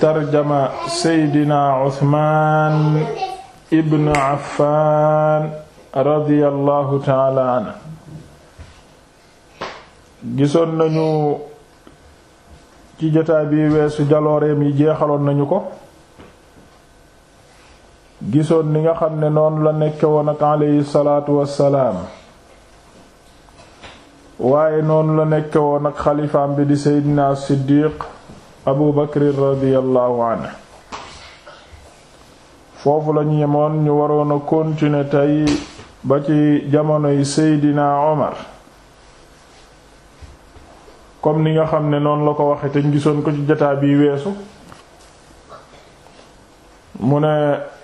tarjama seydina Usmaan ibn Affaan radiyallahu taala anhu gisoon nañu ci jotaay bi weesu jalooreem yi jeexaloon nañu ko gisoon ni nga xam ne noonu la nekke woon ak aleyhi salaatu wassalaam waaye noonu la nekke woon ak xalifaam bi di seydina Siddiq abu bakr radiyallahu anhu foofu lañu yemoon ñu waroon a continuer tey ba ci jamonoy seydina omar comme ni nga xam ne noonu la ko waxee te ñu gisoon ko ci jataa bi weesu mu ne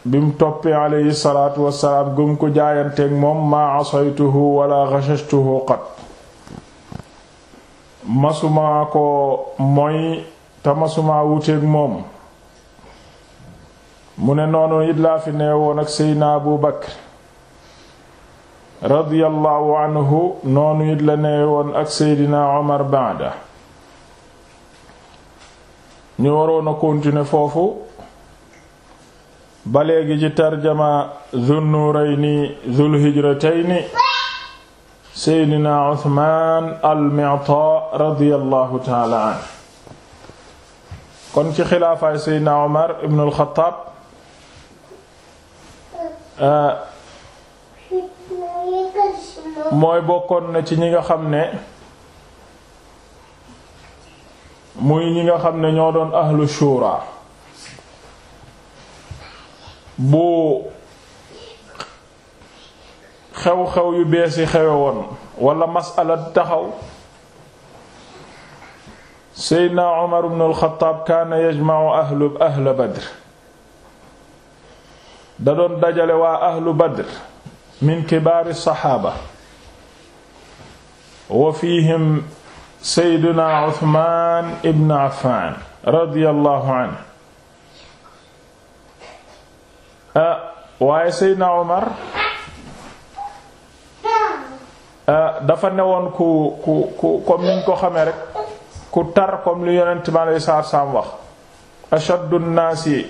bim toppee alayhi salaatu wassalaam gëm ko jaayanteeg moom maa asaytuhu wala ghashashtuhu qat masuma ko mooy tamasuma wuteeg moom mu ne noonu it laa fi neewoon ak seydna abu bakr radiyallahu anhu noonu it neewoon ak seydna omar baada ñu waroon a foofu ba léegi ci tarjama zunnurayni zulhijratayni seydna uthman al mi'ta radiyallahu taala anhu kon ci xilaafaay Seydina Omar ibn al mooy bokkoon na ci ñi nga xam ne muy ñi nga xam ne ñoo doon ahlu shura bu xew-xew yu bees yi xewe woon wala masala taxaw seydna Umar ibn al-Khattab kaana yajma'u ahlu ahla Badr da doon dajale waa ahlu Badr min kibaari saxaaba wa fiihim seydna Usmaan ibn Affaan radiyallahu anhu waaye seydna Umar dafa newoon ku ku ku comme niñ ko xamee rek ku tar comme li yonent ma lay saam wax ashaddu naasi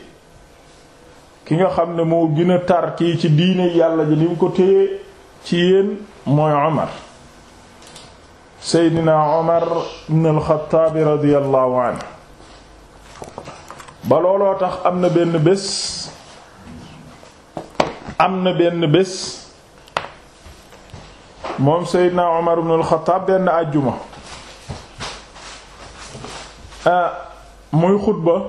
ki nga xam ne moo gën a tar kii ci diine yàlla ji li mu ko téye ci yéen mooy Omar Seydina Omar ibn al radiyallahu anhu ba looloo tax am na benn bés am na benn bés moom Seydina Omar ibn al benn àjjuma Euh, muy xutba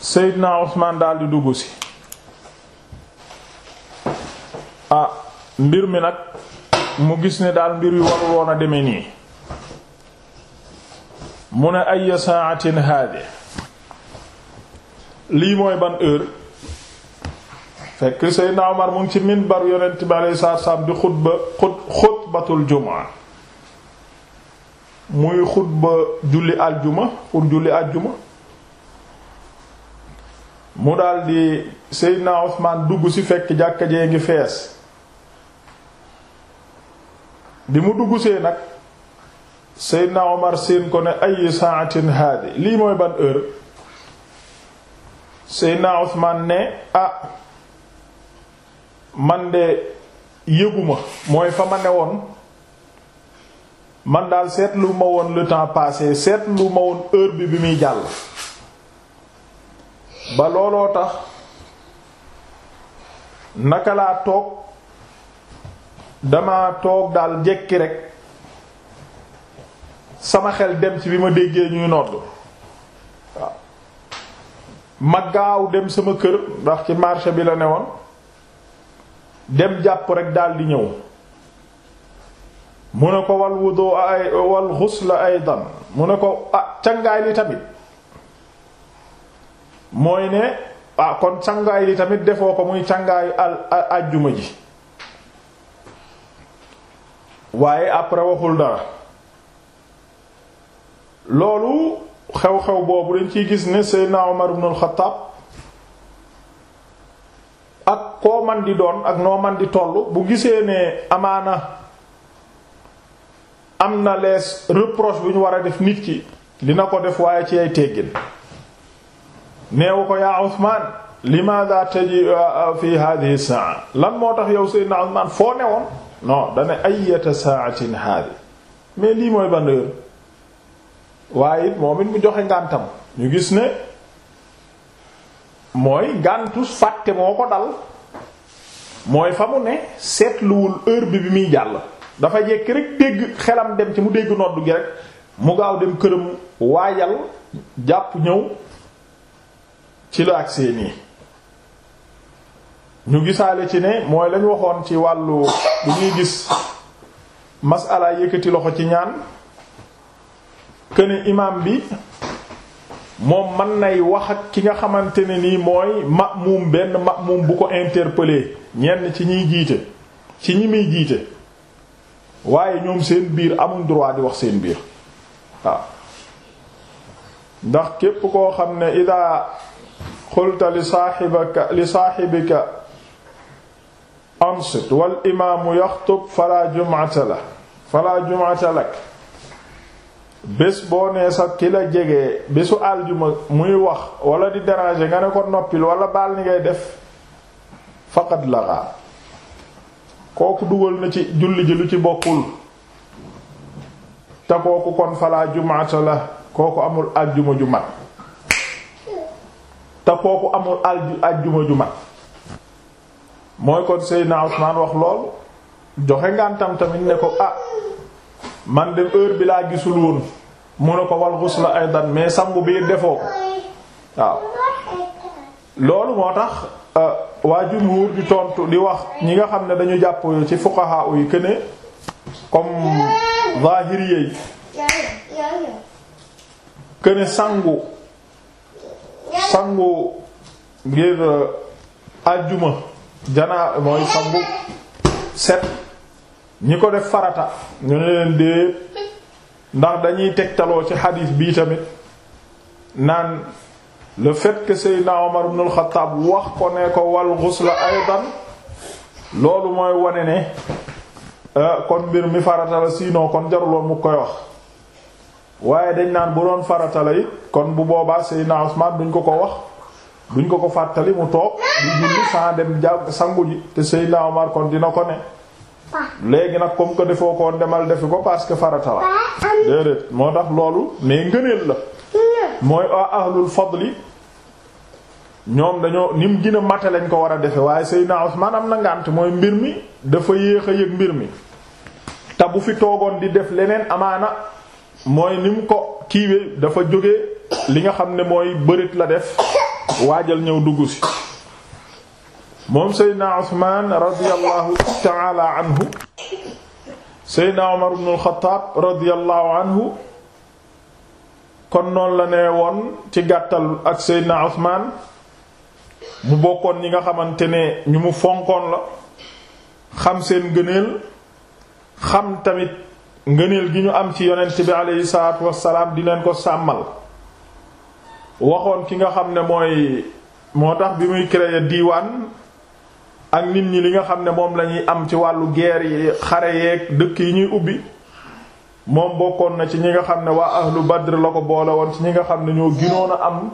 Seydina Usmaan daal di dugg si ah mbir mi nag mu gis ni daal mbir yu warul deme nii mu ne ay saatin haade lii mooy ban heure fekk Seydina Omar mu ngi ci minbar yonent bi alayhi salaam di xutba xutbatul jumaa muy xutba julli aljuma pour julli aljuma mu daldi Seydina Usmaan dugg ci fekk jàkka jee ngi fees bi mu dugg see nag Seydina Omar seen ko ne ay saatin haadi lii mooy ban heure Seydina Usmaan ne ah man de yëguma mooy fa ma ne woon man daal seetlu ma woon le temps passé seetlu ma woon heure bi bi muy jàll ba looloo tax naka laa toog dama toog daal jekki rekk sama xel dem ci bi ma déggee ñuy nodd waaw ma gaaw dem sama kër ndax ci marché bi la ne woon dem jàpp rekk daal di ñëw mu ne ko wal wudu ay wal ghusla aydan mu ne ko ah cangaay li tamit mooy ne ah kon cangaay li tamit defoo ko muy cangaayu al ji waaye après waxul dara loolu xew-xew boobu dañ ciy gis ne Seydina Omar ibn al-Khattab ak koo man di doon ak noo man di tollu bu gisee ne amaana am na les reproches bu ñu war a def nit ki dina ko def waaye ci ay teggin neewu ko yaa Usmaan limaada taji ah, ah, fi hadhihi saa lan moo tax yow Seydina Usmaan foo newoon non dana ayata saatin haadi mais lii mooy ban heure waaye it moom it mu joxe ngàntam ñu gis ne mooy ngàntu fàtte moo ko dal mooy fa mu ne seetluwul heure bi bi muy jàll dafa yekk rek dégg xelam dem ci mu dégg noddu gi rek mu gaaw dem këram waajal jàpp ñëw ci la agsee nii ñu gisaale ci ne mooy lañ waxoon ci wàllu bu ñuy gis masala yëkkati loxo ci ñaan këne imam bi moom man nay wax ak ki nga xamante ne nii mooy ma'mum benn ma'mum bu ko interpeller ñenn ci ñiy jiite ci ñi muy jiite waaye ñoom seen biir amuñ droit di wax seen biir ndax képp koo xam ne ida xulta li saaxibika li saaxibika ansit wal imaamu yaxtub fala jumata la fala jumata lak bés boo nee sax ki la jege bésu aljuma muy wax wala di déranger nga ne ko noppil wala baal ni ngay def faqad lagaa kooku dugal na ci julli ji lu ci bokkul te kooku kon falaa jumaata la kooku amul aljuma ju mat te kooku amul aljuma ju mat mooy kon Seydina Usmaan wax loolu joxe ngantam tamit ne ko ah man dem heure bi laa gisul woon mu ne ko wal ghusla aydan mais sangu biir defoo ko waaw loolu moo tax euh, waa jumhur di tontu di wax ñi nga xam ne dañu jàpp ci fuqaha yi que ne comme zahiriyé yi que sangu sangu ngir ajjuma euh, janaa mooy sangu set ñi ko def farata ñu ne leen dee ndax dañuy tegtaloo ci xadiis bi tamit naan le fait que Seydina Omar ibn wax ko ne ko wal ghusl aydan loolu mooy wane ne euh, kon mbir mi farata la kon jaruloon mu koy wax waaye dañ naan bu doon farata la kon bu boobaa Seydina Usman duñ ko ko wax duñ ko ko fàttali mu toog di julli sans dem jàpp sangu te Seydina Omar kon dina ko ne léegi nag comme que defoo ko demal defi ko parce que farata la moo tax loolu mais ngëneel la mooy ahlul fadli ñoom dañoo ni mu gën mate lañ ko war a defe waaye Seydina Usmaan am na ngànt mooy mbir mi dafa yéex a yëg mbir mi te bu fi toogoon di def leneen amaana mooy ni mu ko kiiwee dafa jóge li nga xam ne mooy bërit la def waajal ñëw dugg si moom Seydina Usmaan radiyallahu ta'ala anhu Seydina Umar ibn al-Khattab anhu kon noonu la ne woon ci gàttal ak Seydina Usmaan mu bokkoon ñi nga xamante ne ñu mu fonkoon la xam seen ngëneel xam tamit ngëneel gi ñu am ci yonent bi aleyhi salaatu wassalaam di leen ko sàmmal waxoon ki nga xam ne mooy moo tax bi muy créer diiwaan ak nit ñi li nga xam ne moom lañuy am ci wàllu geer yi xare yeeg dëkk yi ñuy ubbi moom bokkoon na ci ñi nga xam ne waa ahlu badr la ko boole woon ci ñi nga xam ne ñoo ginoon a am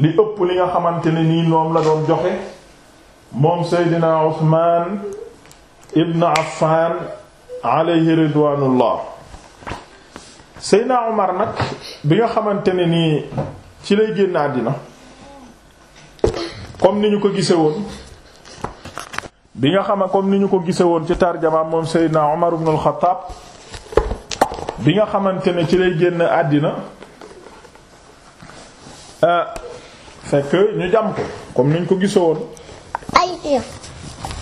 li ëpp li nga xamante ne nii moom la doon joxe moom Seydina Usmaan ibn Affaan alayhi ridwaanullah Seydina Omar nag bi nga xamante ne nii ci lay génn àddina comme ni ñu ko gise woon bi nga xama comme ko gise woon ci tarjama moom Seydina Omar ibn al bi nga xamante ne ci lay génn àddina fekk ñu jam ko comme niñ ko gisoon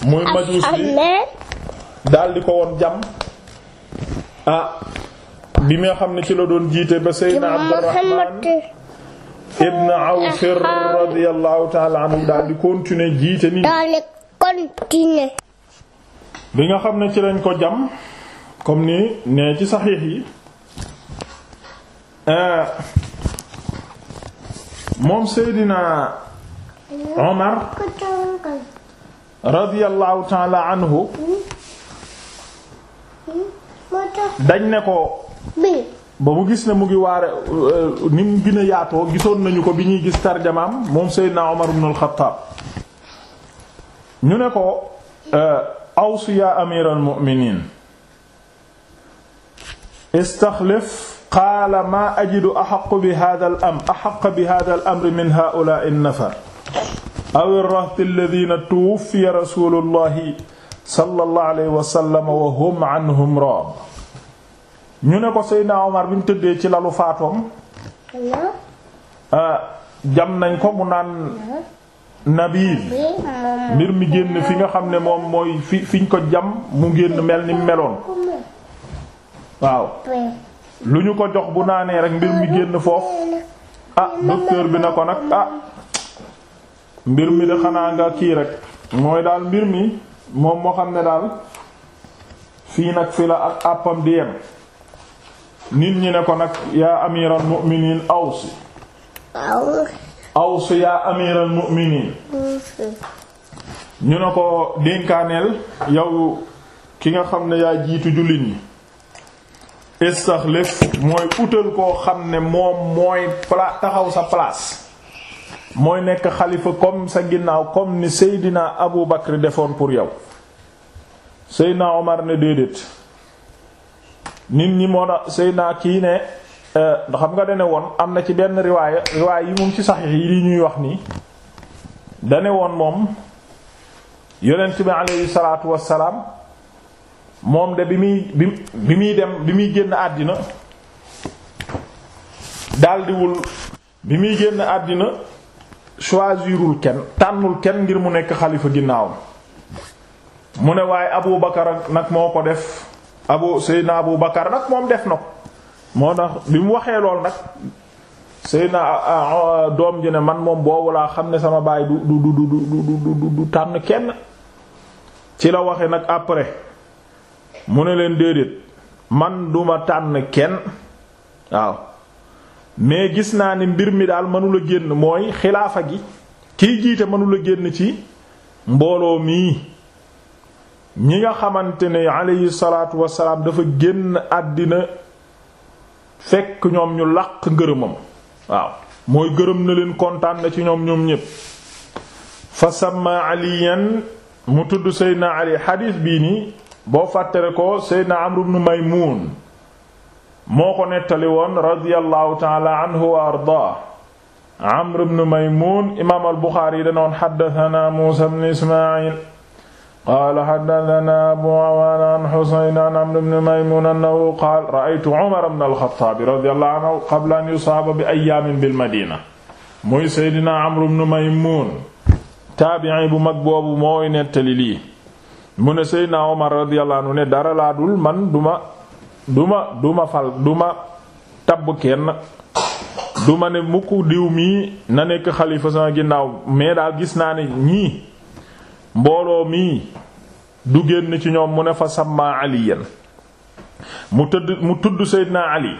muy majuus bi di ko woon jam ah bi nga xam ne ci la doon jiite ba Seydina Abdurrahman ibn Awf radiyallahu ta'ala anhu daal di continuer jiite nii bi nga xam ne ci lañ ko jam comme ni nee ci saxiix yi eh, moom Seydina Omar radiyallahu taala anhu dañ ne ko ba mu gis ne mu ngi waare euh, ni mu gën yaatoo gisoon nañu ko bi ñuy gis tarjamaam moom Seydina Omar ibn al ñu ne ko euh, awsi ya amiral istaxlif qaala maa ajidu axaqu bi hada amr axaqa bi hada al amri min haula nafar aw irrahti alladina tuwuffiya rasulullahi sallallahu alayhi wa sallam wa hum anhum ñu ne ko Seydina Omar bi mu tëddee ci lalu faatoom ah, jam nañ ko mu naan nabiil mbir mi génn fi nga xam ne moom mooy fi fiñ ko jam mu génn mel ni meloon lu ñu ko jox bu naanee rek mbir mi génn foofu ah docteur bi na ko nag ah mbir mi de xanaa nga kii rek mooy daal mbir mi moom moo xam ne daal fii nag fi la ak àppam di yem nit ñi ne ko nag yaa amiral mu'miniin awsi awsi yaa amiral mu'miniin ñu ne ko dénkaaneel yow ki nga xam ne yaa jiitu jullit ñi istaxlif mooy utal koo xam ne moom mooy taxaw sa place mooy nekk xalifa comme sa ginnaaw comme ni Seydina Abu Bakr defoon pour yow Seydina Omar ne déedéet nit ñi moo tax Seydina kii ne euh, xam nga dane woon am na ci benn riwaaya riwaaya yi moom ci saxiix yi li ñuy wax nii dane woon moom yonent bi aleyhi salaatu wassalaam moom de bi muy bi muy dem bi muy génn àddina daldiwul bi muy génn àddina choisirul kenn tànnul kenn ngir mu nekk xalifa ginnaawam mu ne waaye Abu Bakar nag moo ko def Abu Seydina Abu Bakar nag moom def na ko moo tax bi mu waxee lool nag na doom ji ne man moom boobu laa xam ne sama baay du du du du du du tànn kenn ci la waxee nag après. mu ne leen déedéet man duma tànn kenn waaw mais gis naa ne mbir mi daal mënula génn mooy xilaafa gi kiy jiite mënula génn ci mbooloo mii ñi nga xamante ne aleyhi salaatu wasalaam dafa génn àddina fekk ñoom ñu làq ngërëmam waaw mooy gërëm na leen kontaan na ci ñoom ñoom ñépp fa sama aliyan mu tudd seydna ali xadiis bii nii boo fàttale ko seydna amru bnu maymuun moo ko nettali woon radiyallahu taala anhu wa ardaa amru bnu maymuun imaam al buxaari yi danoon xaddatana muusa bnu ismaayil qaala xaddatana abu awaana an xuseyn an amru bnu maymuun annahu qaal ra'aytu umar bnu alxattaabi radiyallahu anhu qabla an yusaaba bi ayyaamin bil madiina muy seydna amru bnu maymuun taabi'i bu mag boobu mooy nettali lii mu ne Seydina Omar radiyallahu anhu ne dara laa dul man duma duma duma fal duma tabb kenn duma ne mukk diw mii na nekk xalifa sama ginnaaw mais daal gis naa ne ñii mbooloo mii du génn ci ñoom mu ne fa samma aliyan mu tëdd mu tudd Seydina Ali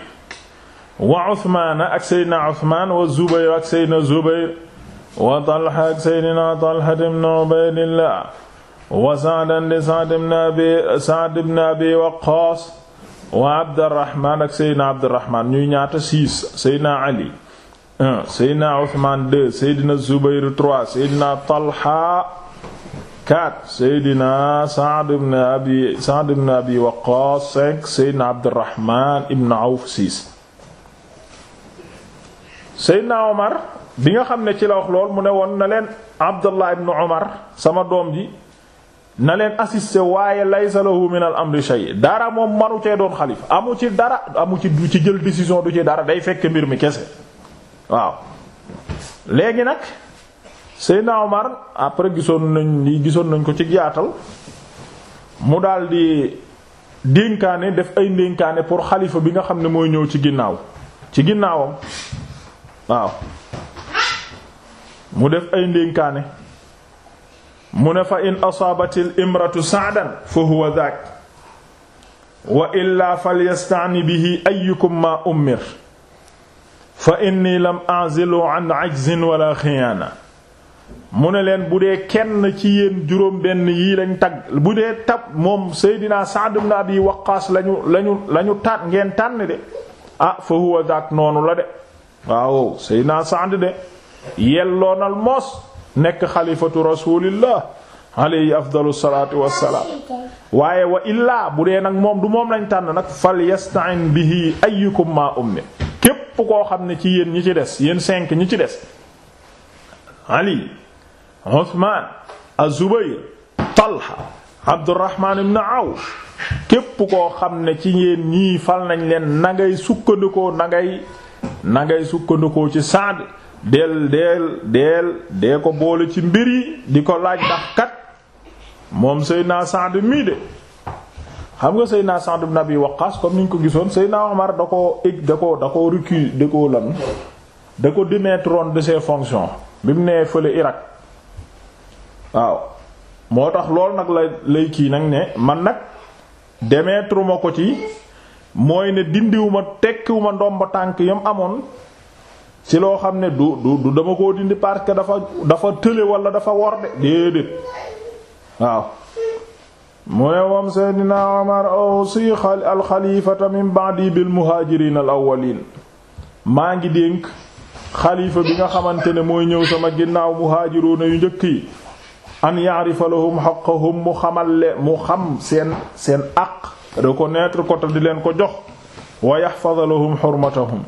wa Usmaan ak Seydina Usmaan wa Zubayr ak Seydina Zubayr wa Talha ak Seydina Talha ibn Ubaydillah wa Sa'dan de Sa'd ibn Abi Sa'd wa Abdurrahmaan ak Seydina Abdurrahmaan ñuy ñaata six Seydina Ali un Seydina Usmaan deux Seydina Zubayr trois Seydina Talha quatre Seydina Sa'd ibn Abi Sa'd ibn Abi Waqqaas cinq Awf six Seydina Omar bi nga xam ne ci la wax lool mu ne woon leen Abdullah ibn Omar sama doom ji na leen assisté waaye laysa lahu min al amri shay dara moom manu cee doon xalif amu ci dara amu ci du ci jël décision du ci dara day fekk mbir mi kese waaw léegi nag Seydina mar après gisoon nañ li gisoon nañ ko ci yaatal mu daldi dénkaane def ay dénkaane pour xalifa bi nga xam ne mooy ñëw ci ginnaaw ci ginnaawam waaw mu def ay dénkaane mu ne fa in asaabatil imratu sa'dan fa huwa dhaak wa illaa falyasta'ni bihi ayyukum ma ummir fa inni lam a'zilu an ajzin wala xiyaana mu ne leen bu dee kenn ci yéen juróom benn yii lañ tagg bu dee tab moom Seydina Sa'd ibn Abi Waqqaas lañu lañu tànn ngeen tànn de ah fa huwa dhaak noonu la de waaw Seydina Sa'd de yelloonal moos nekk xalifatu rasulillah alayhi afdalu waaye wa illaa bu dee nag moom du moom lañ tànn nag fal yasta'in bihi ayyukum ma ummi képp koo xam ne ci yéen ñi ci des yéen cinq ñi ci des ali uthman az-zubayr talha abdurrahman ibn awf képp koo xam ne ci yéen ñii fal nañ leen nangay sukkandikoo na ngay na ngay sukkandikoo ci saad del del dee ko boole ci mbir yi di ko laaj ndax kat moom Seydina Sa'd mii de xam nga naa Seydina Sa'd ibn Abi Waqqas comme niñ ko gisoon Seydina Omar da ko ig da ko da ko recu da ko lan da ko démettroon de ses bi mu nee fële Irak waaw moo tax loolu nag la lay kii nag ne man nag démettre ma ko ci mooy ne dindiwuma tekkiwuma ndomba tànk yam amoon ci loo xam ne du du dama ko dindi parce dafa dafa tële wala dafa wor de déedéet waaw mu ne moom seydina Umar awsi alxalifata min ba'di muhaajiriin al awwaliin maa ngi dénk xalifa bi nga xamante ne mooy ñëw sama ginnaaw muhaajiruuna yu njëkk yi an ya'rifa lahum mu xamalle mu xam seen seen àq reconnaître ko te di leen ko jox wa yahfaz lahum hurmatahum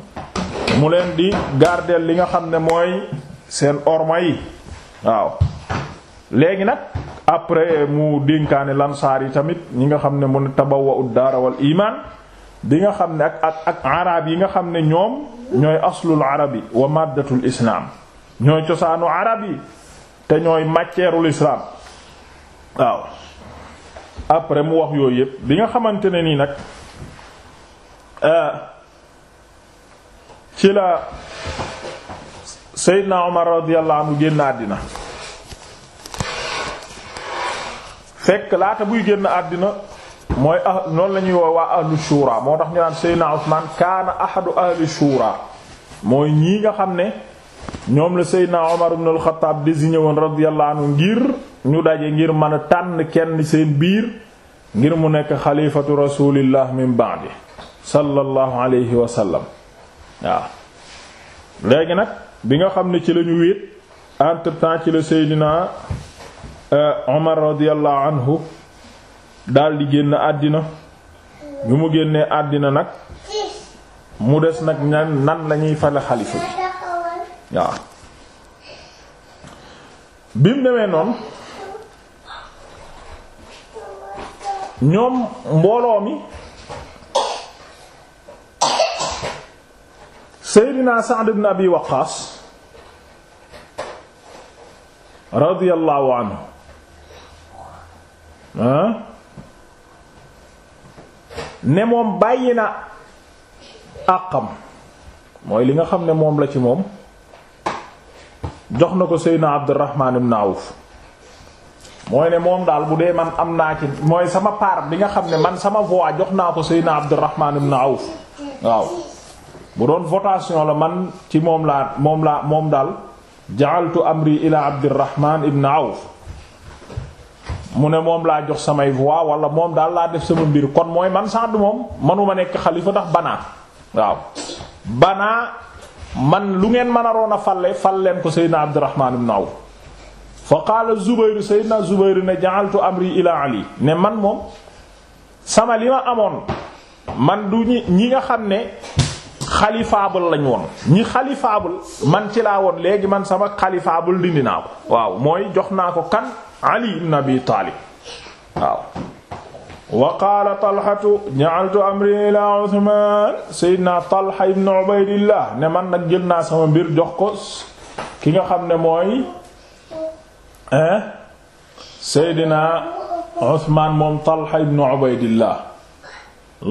mu leen di gardeel li nga xam ne mooy seen orma yi waaw léegi nag après mu dénkaane lansaar yi tamit ñi nga xam ne mu ne tabawa ud daara wal bi nga xam ne ak ak ak arab yi nga xam ne ñoom ñooy aslul arabi wa maddatul islam ñooy cosaanu arab yi te ñooy matièreul islam waaw après mu wax yooyu yépp bi nga xamante ne nii nag euh, ci la Seydina Omar radiyallahu anhu génn àddina fekk laata buy génn àddina mooy ah noonu la ñuy woo waa ahlu shura moo tax ñu naan Seydina Usmaan kaana ahadu ahli shura mooy ñii nga xam ne ñoom la Seydina Omar ibn al-Khattab désigné woon ngir ñu daje ngir man tànn kenn seen biir ngir mu nekk xalifatu rasulillah min ba'di sallallahu alayhi wa waaw léegi nag bi nga xam ne ci lañu wéet entre ci la seydina euh, Omar radiyallahu anhu daldi génn àddina bi mu génnee àddina nag mu des nag nan nan lañuy fale xalifa bi waaw bi mu demee noon ñoom mbooloo mi Seydina na ibn Abi Waqqaas radiyallahu anhu ne moom bàyyi na àqam mooy li nga xam ne moom la ci moom jox na ko Seydina Abdurrahman ibn Awf mooy ne moom daal bu dee man am naa ci mooy sama part bi nga xam ne man sama a jox naa ko Seydina Abdurrahman ibn Awf waaw bu doon votation la man ci moom laa moom laa moom daal ja'altu amri ila abdirahman ibn awf mu ne moom laa jox samay voix wala moom daal laa def sama mbir kon mooy man Saad moom manuma nekk xalifa ndax banaa waaw banaa man lu ngeen mën a roon a falle falleen ko seydna abdirahman ibn awf fa qaala zubayru seydna zubayru ne ja'altu amri ila ali ne man moom sama li ma amoon man du ñi ñi nga xam ne xalifaabul lañ woon ñi xalifaabul man ci laa woon léegi man sama xalifaabul dindi naa ko waaw mooy jox naa ko kan ali ibn abi taalib waaw wa qaala talxatu ja'altu amri ila uthman sayyidina talha ibn ubaydillah ne man nag jël naa sama mbir jox ko ki nga xam ne mooy sayyidina uthman moom talha ibn ubaydillah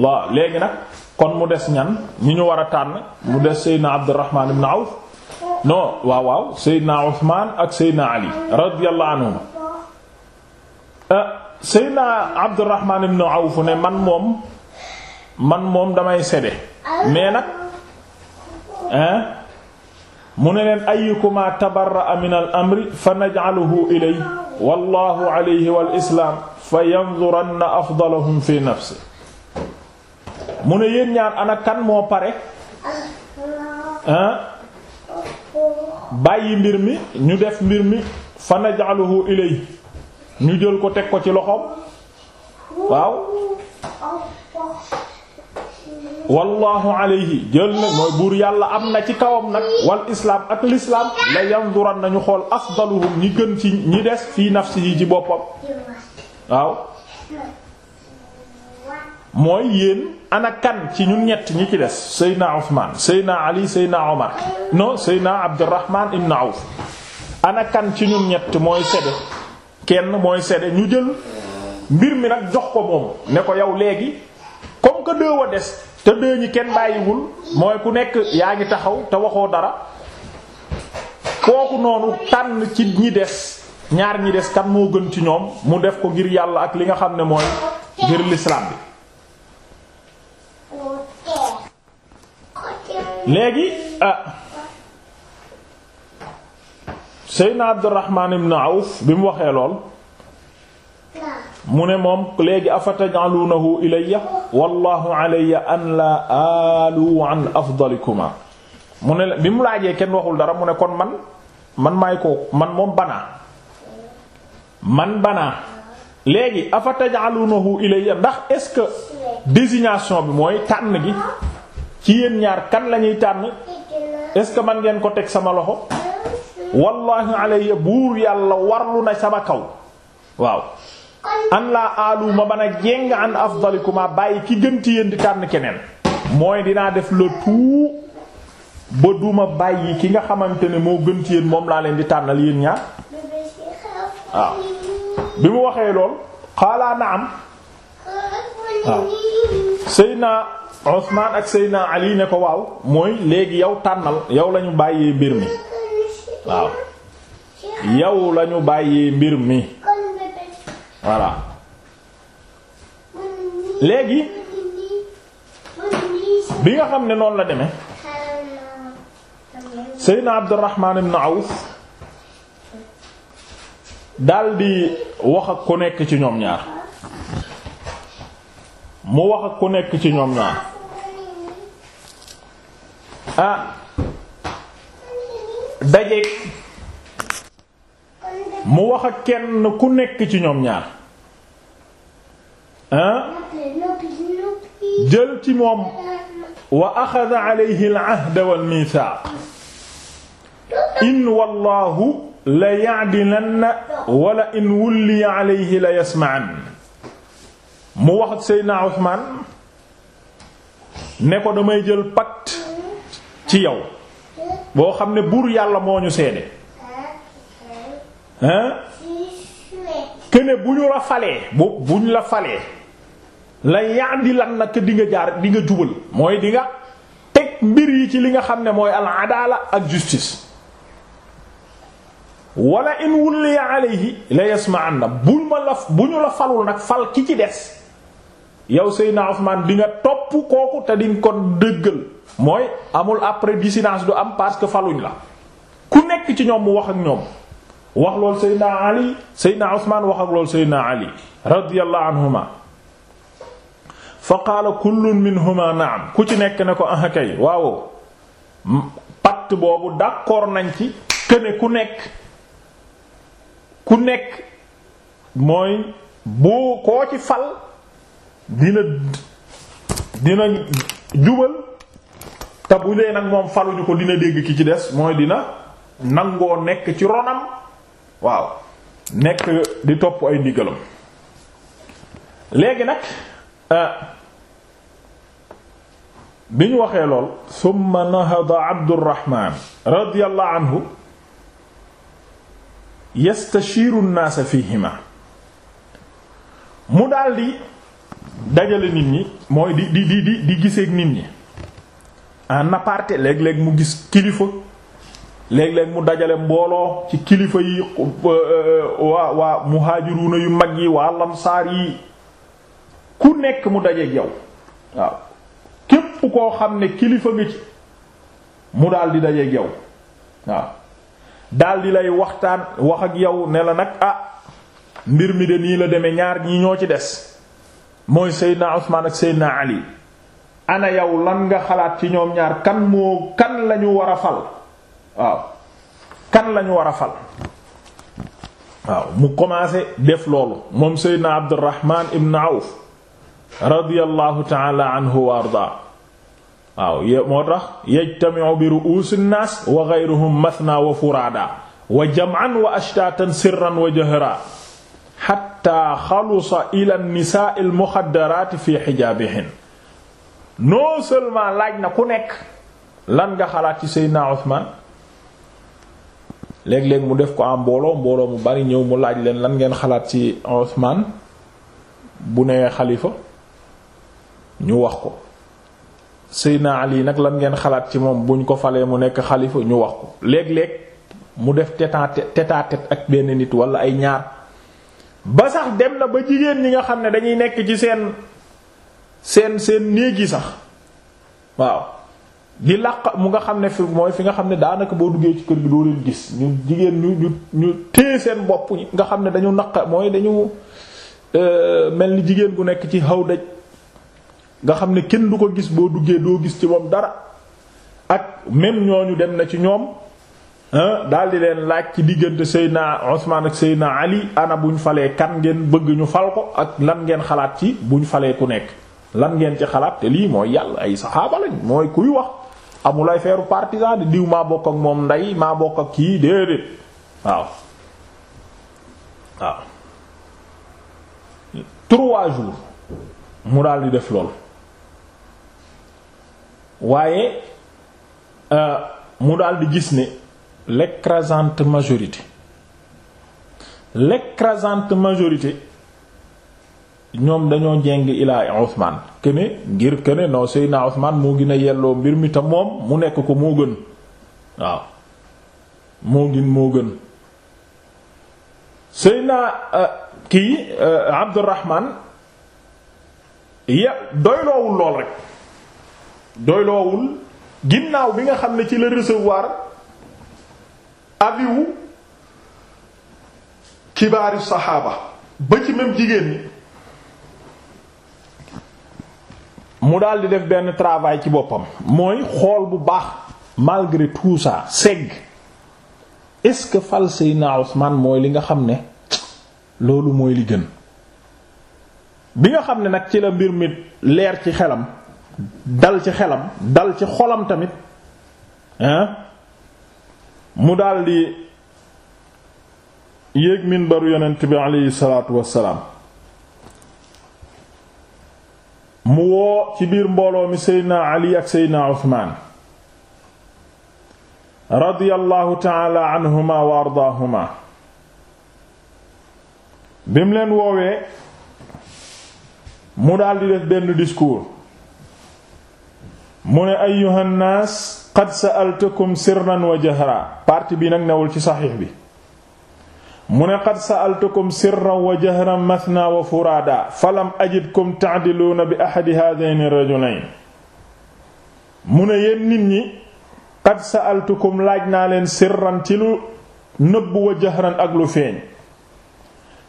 la léegi nag kon mu des ñan ñi ñu war a tànn mu des Seydina Abdurrahman ibn Awf non waaw waaw Seydina Usman ak Seydina Ali radiyallahu anhum euh, Seydina Abdurrahman ibn Awf ne man moom damay sede mais nag hein mu ne leen ayyukuma tabarra'a min al-amri fa naj'aluhu ilayhi wallahu alayhi wal islam fa yanzuranna afdalahum fi nafsihi mu ne yéen ñaar ana kan moo pare bàyyi mbir mi ñu def mbir mi fa naj'aluhu ilay ñu jël ko teg ko ci loxoom waaw wallahu alayhi jël nag mooy buur yàlla am na ci kawam nag wal islaam ak l'islaam la yanduran nañu xool afdaluhum ñi gën ci ñi des fii nafsi yi ci boppam waaw mooy yéen ana kan ci ñun ñett ñi ci des Seydina Ousmane Seydina Ali Seydina Omar non Seydina Abdurrahman ibn Awf ana kan ci ñun ñett mooy sedd kenn mooy sede ñu jël mbir mi nag jox ko moom ne ko yow léegi comme que dëew a des te dëew ñi kenn bàyyiwul mooy ku nekk yaa ngi taxaw te waxoo dara kooku noonu tànn ci ñi des ñaar ñi des kan moo gën ci ñoom mu def ko ngir yàlla ak li nga xam ne mooy ngir l'islam bi léegi ah Seydina Abdurrahman ibn Awf bi mu waxee lool mu ne moom léegi afatajaluunahu ilayya wallahu alayya an la alu an afdalikuma mu ne bi mu laajee kenn waxul dara mu ne kon man man maay ko man moom banaa man banaa léegi a ilayya ndax est-ce que désignation bi mooy tànn gi ci yéen ñaar kan lañuy tànn est ce que man ngeen ko teg sama loxo wallahi alayya buur yàlla warlu na sama kaw waaw an laa aalu ma ban a jéng an afdalikuma bàyyi ki gën ci yéen di tànn keneen mooy dinaa def le tout ba duma bàyyi ki nga xamante ne moo gën ci yéen moom laa leen di tànnal yéen ñaar waaw bi mu waxee lool xaalaa na am waaw sëy naa Ousmane ak Seydina Ali ne ko waaw mooy léegi yow tànnal yow lañu ñu bàyyee mbir mi waaw yow lañu ñu bàyyee mbir mi voilà léegi bi nga xam ne noonu la deme demee Seydina Abdurrahman na Awf daldi wax ak ku nekk ci ñoom ñaar mu wax ak ku nekk ci ñoom ñaar. ah dajeeg mu wax ak kenn ku nekk ci ñoom ñaar ah. jël ci moom wa axada alayhi al-ahda wal-mithaaq in wallaahu la ya'dilanna wala in wulliya alayhi la yasma'an mu wax ak Seydina Usmaan ne ko damay jël pak ci yow boo xam ne buur yàlla moo ñu seede hein bu ñu la falee bu bu ñu la falee la yaandi lan na di nga jaar di nga jubal mooy dinga teg mbir yi ci li nga xam ne mooy al adala ak justice walla in wulliya alayhi la yasma'anna buñ ma la bu ñu la falul nag fal ki ci des yow Seydina Ousmane di nga topp kooku te diñ ko dëggal mooy amul après dissidence du am parce que faluñ la ku nekk ci ñoom mu wax ak ñoom wax lool Seydina Ali na Usmaan wax ak lool Seydina Ali radiyallahu anhuma fa qaala kullun minhuma naam ku ci nekk ne ko ah kay waaw boobu d'accord nañ ci këne ku nekk ku nekk mooy boo koo ci fal dina dina jubal te bu dee nag moom faluñu ko dina dégg ki ci des mooy dina nangoo nekk ci ronam waaw nekk di topp ay ndigalam léegi nag euh, bi ñu waxee lool summa nahada abdurrahman radiyallahu anhu yastachiiru nnaasa fihima mu daldi dajale nit ñi mooy di di di di di nit ñi en aparté léeg-léeg mu gis kilifa léeg-léeg mu dajale mbooloo ci kilifa yi euh, waa waa muhaajiruuna yu mag yi waa lamsaar yi ku nekk mu dajeeg yow waaw képp koo xam ne kilifa nga ci mu daal di dajeeg yow waaw daal di lay waxtaan wax ak yow ne la nag ah mbir mi de nii la demee ñaar ñii ñoo ci des mooy Seydina Usmaan ak Seydina Ali ana yow lan nga xalaat ci ñoom ñaar kan moo kan lañu war a fal kan lañu war a fal mu commencé def moom seydna abdurrahman ibn auf radiyallahu taala anhu wa arda waaw moo tax yajtami'u bi ru'usi nnaas wa ghayruhum mathna wa furaada wa jam'an wa ashtatan sirran wa jahra hatta xalusa ila an-nisaa al-muxaddaraat fi xijaabihin non seulement laaj na ku nekk lan nga xalaat ci Seydina Usmaan léeg-léeg mu def ko am mbooloo mbooloo mu bari ñëw mu laaj leen lan ngeen xalaat ci Usmaan bu newee xalifa ñu wax ko Seydina Ali nag lan ngeen xalaat ci moom buñ ko falee mu nekk xalifa ñu wax ko léeg-léeg mu def tête à ak benn nit wala ay ñaar ba sax dem na ba jigéen ñi nga xam ne dañuy nekk ci seen seen seen néeg yi sax waaw di làq mu nga xam ne fi mooy fi nga xam ne daanaka boo duggee ci kër gi doo leen gis ñu jigéen ñu ñu ñu téye seen bopp nga xam ne dañu naq mooy dañu euh, mel ni jigéen gu nekk ci xaw daj nga xam ne kenn du ko gis boo duggee doo gis ci moom dara ak même ñooñu dem na ci ñoom daal di leen laaj ci diggante Seydina Ousmane ak Seydina Ali ana bu ñu falee kan ngeen bëgg ñu fal ko ak lan ngeen xalaat ci bu ñu falee ku nekk. lan ngeen ci xalaat te lii mooy yàlla ay saxaaba lañ mooy kuy wax amul ay feeru partisan di diw maa bokk ak moom ndey maa bokk ak kii déedéet waaw waaw trois jours mu daal di def lool waaye euh, mu dal di gis ne l'écrasante majorité l'écrasante majorité ñoom dañoo jeng ilaa Usmaan këne ngir këne non Seydina Usmaan moo gën a yelloo mbir mi te moom mu nekk ko moo gën waaw moo gën moo gën Seydina euh, kii euh, Abdurrahmaan ya doyloowul lool rek doyloowul ginnaaw bi nga xam ne ci la recevoir avis wu kibaaru saxaaba ba ci même jigéen ñi mu daal di def benn travail ci boppam mooy xool bu baax malgré tout ça segg est-ce que fal Seydina Usmaan mooy li nga xam ne loolu mooy li gën bi nga xam ne nag ci la mbir mi leer ci xelam dal ci xelam dal ci xolam tamit hein mu daldi yéeg minbaru yonent bi aleyhi salaatu wassalaam mu woo ci biir mbooloo mi seydna ali ak seydna usmaan radiyallahu taala anhuma wa ardaahuma bi leen woowee mu daldi def benn discours mu ne ayyuhan naas qad sa'altukum sirran wa jahra partie bi nag newul ci saxiix bi mu ne qad sa'altukum sirran wa jahran mathna wa furaada falam ajidkum ta'diluuna bi ahadi haadayni rajulayn mu ne yéen nit ñi qad sa'altukum laaj naa leen sirran ci lu nëbb wa jahran ak lu feeñ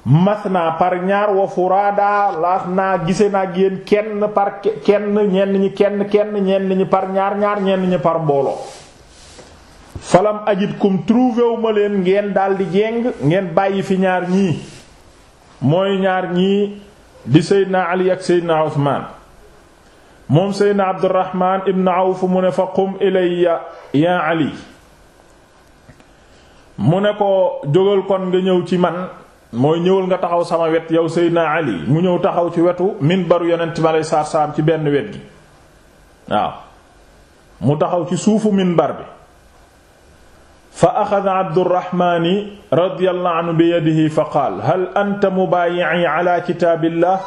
mathna par ñaar wa furaada laaj naa gise naa ak yéen kenn par kenn ñenn ñi kenn kenn ñenn ñi par ñaar ñaar ñenn ñi par mbooloo falam ajidkum trouvé wu ma leen ngeen daldi jeng ngeen bàyyi fi ñaar ñii mooy ñaar ñii di seydna ali ak seydna uthman moom seydna abdurrahman ibn awf mu ne fa qum ilayya ya ali mu ne ko jógal kon nga ñëw ci man mooy ñëwal nga taxaw sama wet yow seydna ali mu ñëw taxaw ci wetu min baru yonent ma lay ci benn wet gi waaw mu taxaw ci suufu minbar bi fa axada abdurrahmaani radiyallahu anhu bi yadihi fa qaal hal anta mubaayi'i ala kitaabillah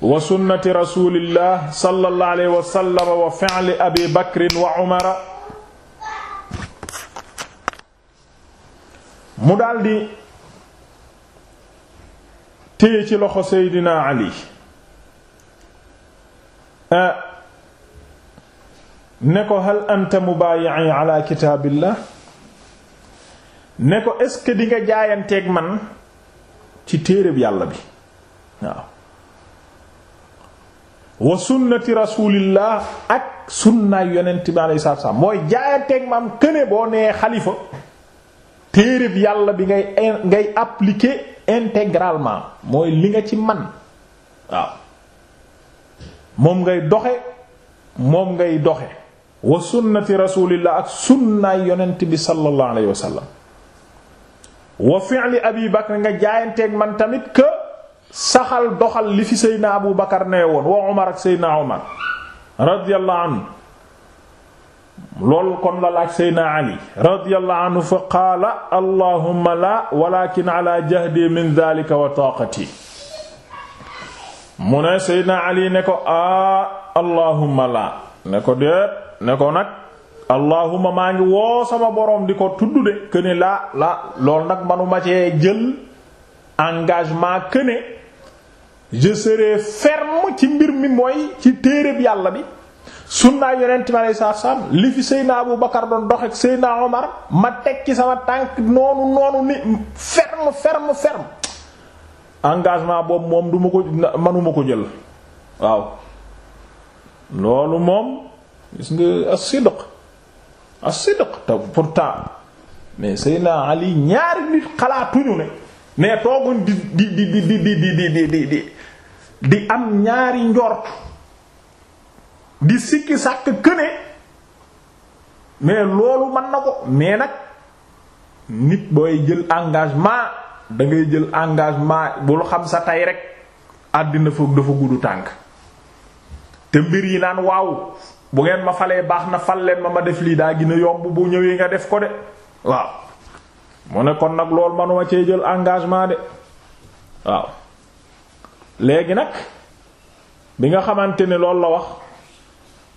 wa sunnati rasulillah sallallahu alayhi wa sallam wa fi'li abi bakrin wa umara mu daldi téye ci loxo seydina ali eh, ne ko hal anta mubaayi'i ala kitaabillah ne ko est-ce que di nga jaayanteeg man ci téereb yàlla bi waaw wa sunnati rasulillah ak sunnaay yonent bi alayhi salaatu salaam mooy jaayanteeg man këne boo nee xalifa téereb yàlla bi ngay ngay appliquer intégralement mooy li nga ci man waaw moom ngay doxe moom ngay doxe wa sunnati rasulillah ak sunnaay yonent bi sallallahu alayhi wa sallam wa fi'li abi bakr nga jaayanteeg man tamit que saxal doxal li fi seydna abu bakar nee woon wa umar ak seydna umar radiyallahu anhu loolu kon la laaj seydna ali radiyallahu anhu jahdi min dhalika wa taqati mu ne seydna ali ne ko a ah, allahumma la ne ko déet ne ko nag allahuma maa ngi woo sama boroom di ko tudd de que ne laa laa loolu nag manuma cee jël engagement que ne je ci mbir mi mooy ci téereb yàlla bi sunnaa naa mi alei saatu salaam li fi Seydina Abu Bakar doon dox ak Seydina Omar ma teg sama tànk noonu noonu ni ferme ferme ferme engagement boobu moom du ma ko manuma ko jël waaw loolu moom gis nga as-sidq as-sidq te pourtant mais Seydina Ali ñaari nit xalaatuñu ne mais tooguñ di di di di di di di di di di am ñaari njort di sikki sàkk këne mais loolu mën na ko mais nag nit booy jël engagement da ngay jël engagement bul xam sa tay rek àddina foog dafa gudd tànk te mbir yi naan waaw bu ngeen ma falee baax na fal leen ma ma def lii daa gën a yomb bu ñëwee nga def ko de waaw mu ne kon nag loolu manuma cee jël engagement de waaw léegi nag bi nga xamante ne loolu la wax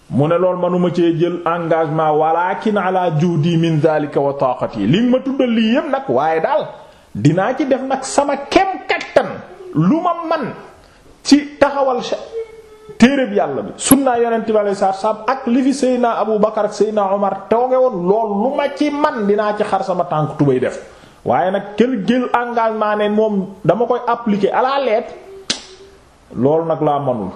mu ne loolu manuma cee jël engagement walakin ala juhdi min zalika wa taqati li nga ma tuddal lii yépp nag waaye daal dinaa ci def nag sama kem kattan lu ma man ci taxawal téereeb yàlla bi sunnaa yonent bi alayhi salaam ak li fi Seydina Abu Bakar ak Seydina Omar tooge woon lool lu ma ci man dinaa ci xar sama tànk tubay def waaye nag kel jël engagement ne moom dama koy appliquer à la loolu nag laa manul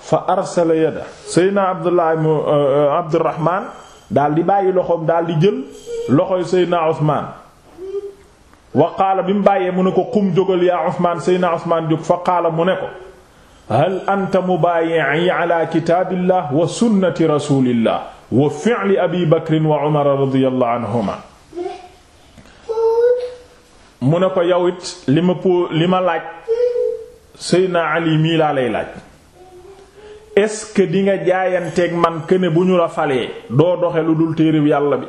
fa arsala yada Seydina Abdullah euh, Abdurrahman daal di bàyyi loxoom daal di jël loxoy Seydina Usmaan wa qaala bi mu bàyyee mu ne ko qum jógal yaa Usmaan Seydina Usmaan jóg fa qaala mu ne ko hal anta mubaayi'i ala kitaabillah wa sunnati rasulillah wa fi'li abi bakrin wa umar radiyallahu anhuma mu ne ko yowit li ma po li ma laaj Seydina Ali mii laa lay laaj est-ce que nga jaayanteeg man que bu ñu la falee doo doxe lu dul téereeb yàlla bi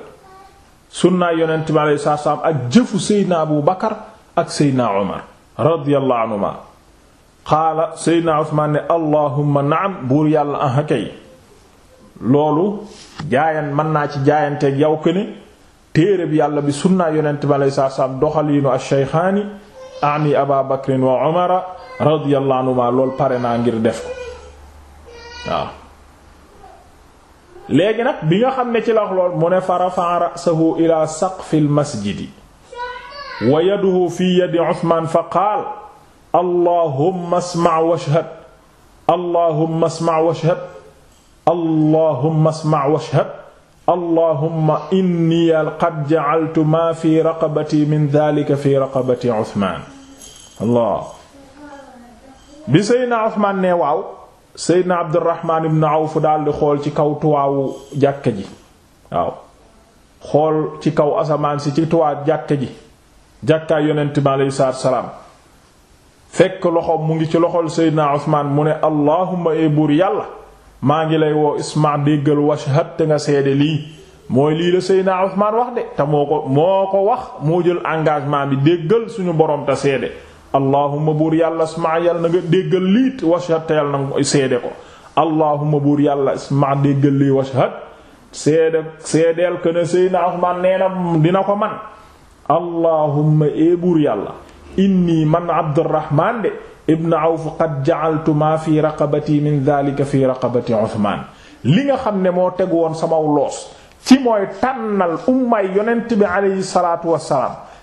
sunnaay yonent bi alayhi salaam ak jëfu Seydina Abu Bakar ak Seydina Umar radiyallahu anhuma qaala seydna Usmaan ne allahumma naam buur yàlla aha kay loolu jaayan man naa ci jaayanteeg yow ke ne téere bi yàlla bi sunnaa yonent bi aleyhi salaatu doxaliinu ash-shaykhaani ani aba bakrin wa umara radiyallahu anhuma pare naa ngir def ko waaw léegi nag bi nga xam ne ci la lool mu ne fa rafa'a ra'sahu ila saqfil masjidi wa yaduhu fi yadi Usmaan fa qaala allahumma asma' washhad allahumma asma' washhad allahumma asma' washhad allahumma inni qad ja'altu ma fi raqabati min dhalika fi raqabati Uthman bi Seydina Uthman ne waaw Seydina Abdurrahman ibn Awf daldi xool ci kaw tuwaawu jàkka ji waaw ci kaw asamaan si ci tuwaa jàkka ji jàkkaay yonent bi aleyhi salaam fekk loxoom mu ngi ci loxol Seydina Usmaan mu ne allahumma ee buur yàlla maa ngi lay woo isma déggal washhad te nga seede lii mooy lii la Seydina Usmaan wax de te moo ko moo ko wax moo jël engagement bi déggal suñu borom te seede allahumma buur yàlla isma yàlla na nga déggal liit washhad te yàlla na yàlla isma déggal lii washhad seede seedeel ko ne Seydina Usmaan nee na dina ko man allahumma ee buur yàlla inni man abdurrahman de ibn awf qad ja'altu fi raqabati min dhalika fi raqabati uthman li nga xam ne moo teg woon samaw loos ci mooy tànnal ummaay bi aleyhi salaatu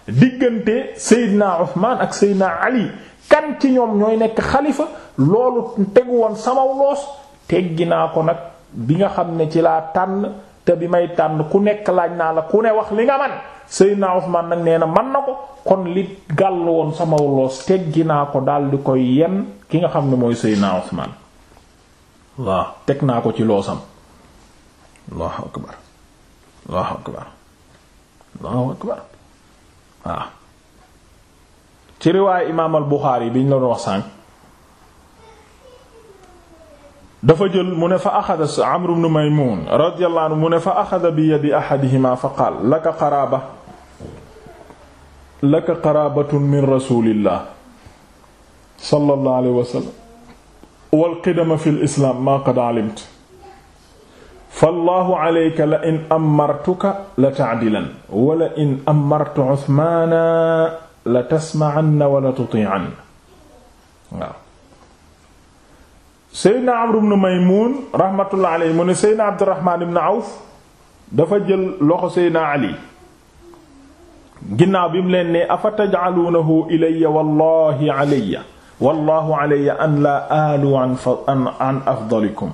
diggante seydina uthman ak seydina ali kan ci ñoom ñooy nekk xalifa loolu tegu woon samaw loos teggi ko nag bi nga xam ne ci laa tànn te bi may tànn ku nekk laaj naa la ku ne wax li nga man Seydina Usmaan nag nee na man na ko kon li gàll woon sama loos teggi naa ko daal di koy yenn ki nga xam ne mooy Seydina Usmaan waaw teg naa ko ci loosam Allahu akbar Allahu akbar Allahu akbar ci riwaayu imaam al Buxaari bi ñu la doon wax sànq dafa jël mu ne fa axada Amr ibn Maymun radiyallahu anhu mu ne fa axada bi yadi ahadihima fa qaal laka qaraaba laka qaraabatun min rasulillah sallallahu alayhi wa sallam wal qidama fil islaam maa qad alimta fallaahu alayka la in ammartuka la ta'dilan wa la in ammartu Usmaana la tasma'anna wa la tuti'anna waaw seydna amru bnu maymuun rahmatullah aleyhi mu ne seydna abdurahmaan ibnu awf dafa jël loxo seydna ali ginnaaw bi mu leen ne afa tajcaluunahu ilayya wallahi alayya wallahu alayya an laa aalu an an afdalikum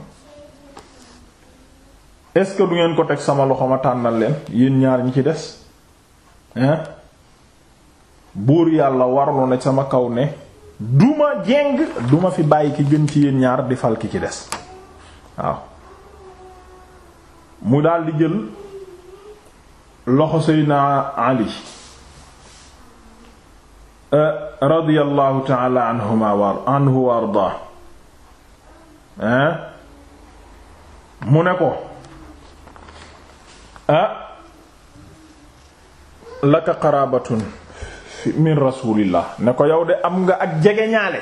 est-ce que du ngeen ko teg sama loxo ma tànnal leen yéen ñaar ñi ci des buur yàlla warlu na sama kaw ne duma jeng duma fi bàyyi ki gën ci yéen ñaar di fal ki des waaw mu daldi jël loxo Seydina Ali radiyallahu ta'ala anhuma wa ardaa mu ne ko ah laka qarabatun min rasulillah ne ko yow de am nga ak jegeñaale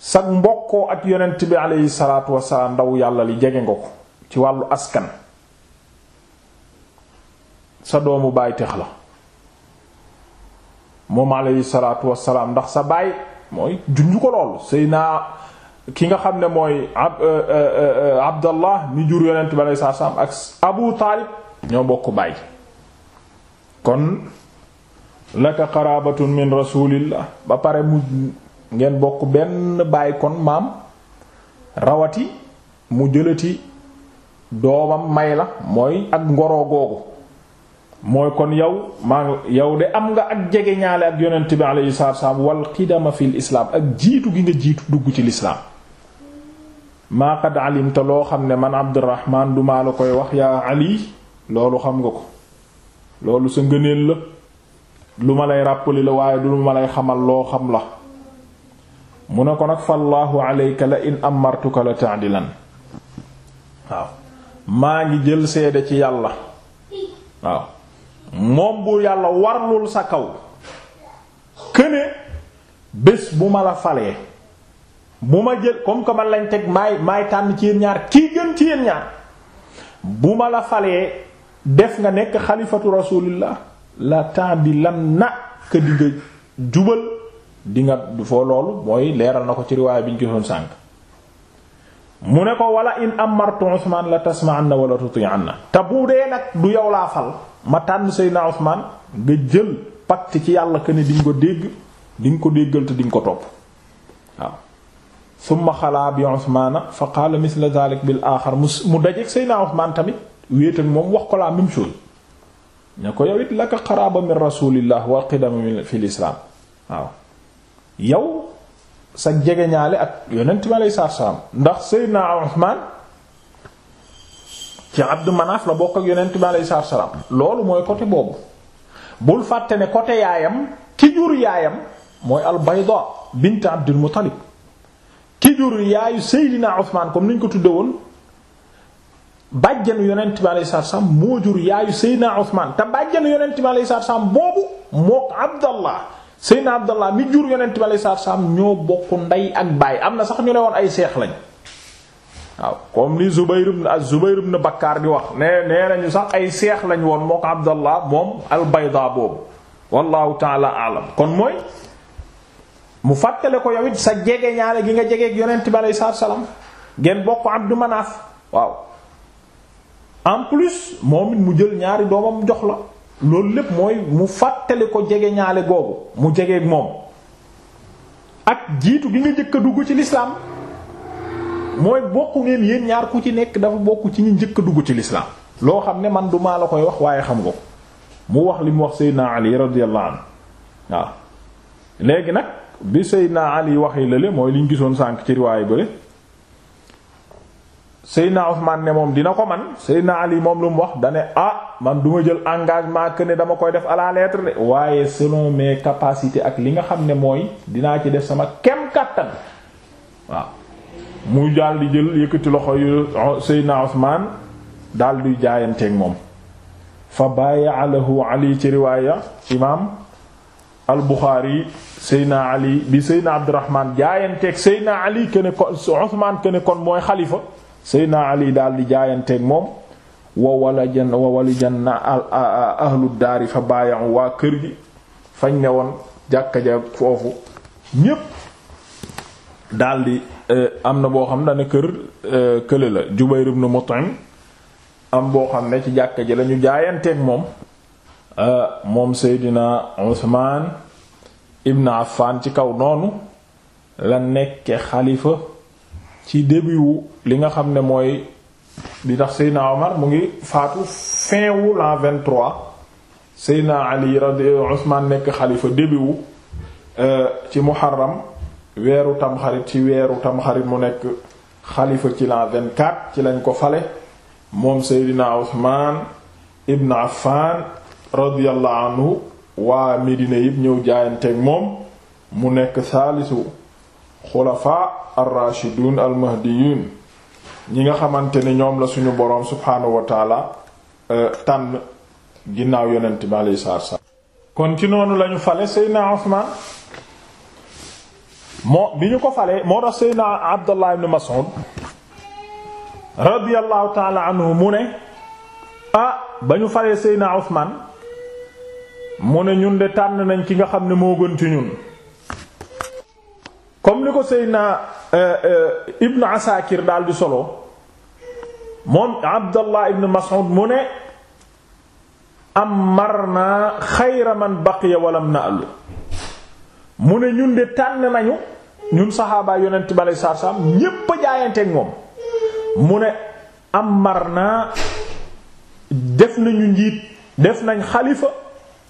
sag mbokkoo ak yonent bi aleyhi salaatu wasalaam ndaw yàlla li jege nga ko ci wàllu askan sa doomu baay la moom aleyhi salaatu wasalaam ndax sa baay mooy junju ko lool sëy naa ki nga xam ne mooy eh, eh, eh, abdallah mi jur yonent bi aleyhi salaatu ak abu taalib ñoo bokk baay kon laka qarabatun min rasulillah ba pare mu ngeen bokk benn baay kon maam rawati mu jëlati doomam may la mooy ak ngoroo googu mooy kon yow maa ngi yow de am nga ak jege ñaale ak yonent bi alayhi salaatu wassalaam wal qidama fil islaam ak jiitu gi nga jiitu dugg ci lislaam maa qad alimta loo xam ne man Abdurrahman du maa la koy wax yaa Ali loolu xam nga ko loolu sa ngëneel la lu ma lay rappeler la waaye du lu ma lay xamal loo xam la mu ne ko nag fallaahu alayka la in amartuka la ta'dilan waaw maa ngi jël seede ci yàlla waaw moom bu yàlla warlul sa kaw këne bés bu ma la falee bu ma jël comme que man lañ teg maay maay tànn ci yéen ñaar kii gën ci yéen ñaar bu ma la falee def nga nekk xalifatu rasulillah la ta'dilanna ka di nga jubal di nga du foo loolu mooy leeral na ko ci riwaaya bi ñu gisoon sànk mu ne ko wala in amartu Usmaan la tasma'anna wala tuti'anna te bu dee nag du yow laa fal ma tànn Seydina Usmaan nga jël pacte ci yàlla que ne di nga ko dégg di nga ko déggal te di nga ko topp waaw summa xalaa bi Usmaana fa qaala misla zalik bil axar mu dajeeg Seydina Usmaan tamit wéet ak moom wax ko la même chose ña ko yow it laka xaraaba min rasulillah wa qidam fil islam waaw yow sa jegeñaale ak yonent mi aleyhi salaatu salaam ndax Seydina Usmaan ci Abdu Manaaf la bokk ak yonent mi aleyhi salaatu salaam loolu mooy côté boobu bul fàtte ne côté yaayam ki jur yaayam mooy al-Bayda bint Abdul Muttalib ki jur yaayu Seydina Usmaan comme niñ ko tudde woon bàjjanu yonent bi alayhi salaam moo jur yaayu Seydina Usmaan te bàjjanu yonent bi alayhi salaam boobu mook Abdallah Seydina Abdallah mi jur yonent bi alayhi salaam ñoo bokk ndey ak baay am na sax ñu ne woon ay seex lañ waaw comme li Zubayr ibn az-Zubayr ibn Bakkaar bi wax nee nee nañu sax ay seex lañ woon mook Abdallah moom al-Bayda boobu wallahu taala alam kon mooy mu fàttale ko yow it sa jege ñaale gi nga jegeeg yonent bi alayhi salaam ngeen bokk Abdu Manaaf waaw. en plus moom it mu jël ñaari doomam jox la loolu lépp mooy mu fàttali ko jege ñaale googu mu jegeeg moom ak jiitu gi nga njëkk a dugg ci lislaam mooy bokk ngeen yéen ñaar ku ci nekk dafa bokk ci ñi njëkk dugg ci lislaam loo xam ne man du la koy wax waaye xam nga ko mu wax li mu wax naa Ali radiyallahu anhu waaw léegi nag bi Seydina Ali waxee lële mooy liñ gisoon sànk ci riwaayu bële Seydina Ousmane ne moom dina ko man Seydina Ali moom lu mu wax da ne ah man du ma jël engagement que ne dama koy def à la de waaye selon mais capacité ak li nga xam ne mooy dinaa ci def sama kem kàttan waaw mu daal di jël yëkkati loxo yu Seydina Ousmane dal di jaayanteek moom. fa bàyyi lahu Ali ci riwaaya imaam al Bukhari Seydina Ali bi Seydina Abdurrahman jaayanteeg Seydina Ali que kon mooy xalifa. Seydina Ali daal di jaayanteeg moom wa wala jan wa wali jan na ahlu daari fa bàyyaxu waa kër gi fañ ne woon jàkka ja foofu ñépp daal e, am na boo xam dana kër e, kële la Jubayr ibn Mut'im am boo xam ne ci jàkka ji lañu jaayanteeg moom e, moom Seydina Usmaan ibn Affan ci kaw noonu la nekke xalifa ci début li nga xam ne mooy di tax Seydina Omar mu ngi faatu fin wu l'an 23 Seydina Ali radi Usman nekk xalifa début euh, ci muharram weeru tamxarit ci weeru tamxarit mu nekk xalifa ci l'an 24 ci lañ ko fale moom Seydina Usman ibn Affan radiyallahu anhu waa Medina yëpp ñëw jaayanteeg moom mu nekk saalisu xulafaa ar-rashidun nga xamante ni ñoom la suñu boroom subhaanahu euh, tànn ginnaaw yonent kon ci noonu lañu fale Seydina Usmaan moo bi ñu ko falee moo tax Seydina Abdullah ibn radiyallahu taala anhu mu ne a ah, ba ñu falee Seydina Usmaan mu ne ñun de tànn nañ ki nga xam ne moo gën ci ñun comme ni ko Seydina euh, euh, Ibn Asakir daal di solo moom Abdallah Ibn Mas'ud mu ne ammarna xayra man baqiya walam na'lu mu ne ñun de tànn nañu ñun saxaabaa yonent bi aleyhi salaatu wa salaam a jaayanteeg moom mu ne ammarna def nañu njiit def nañ xalifa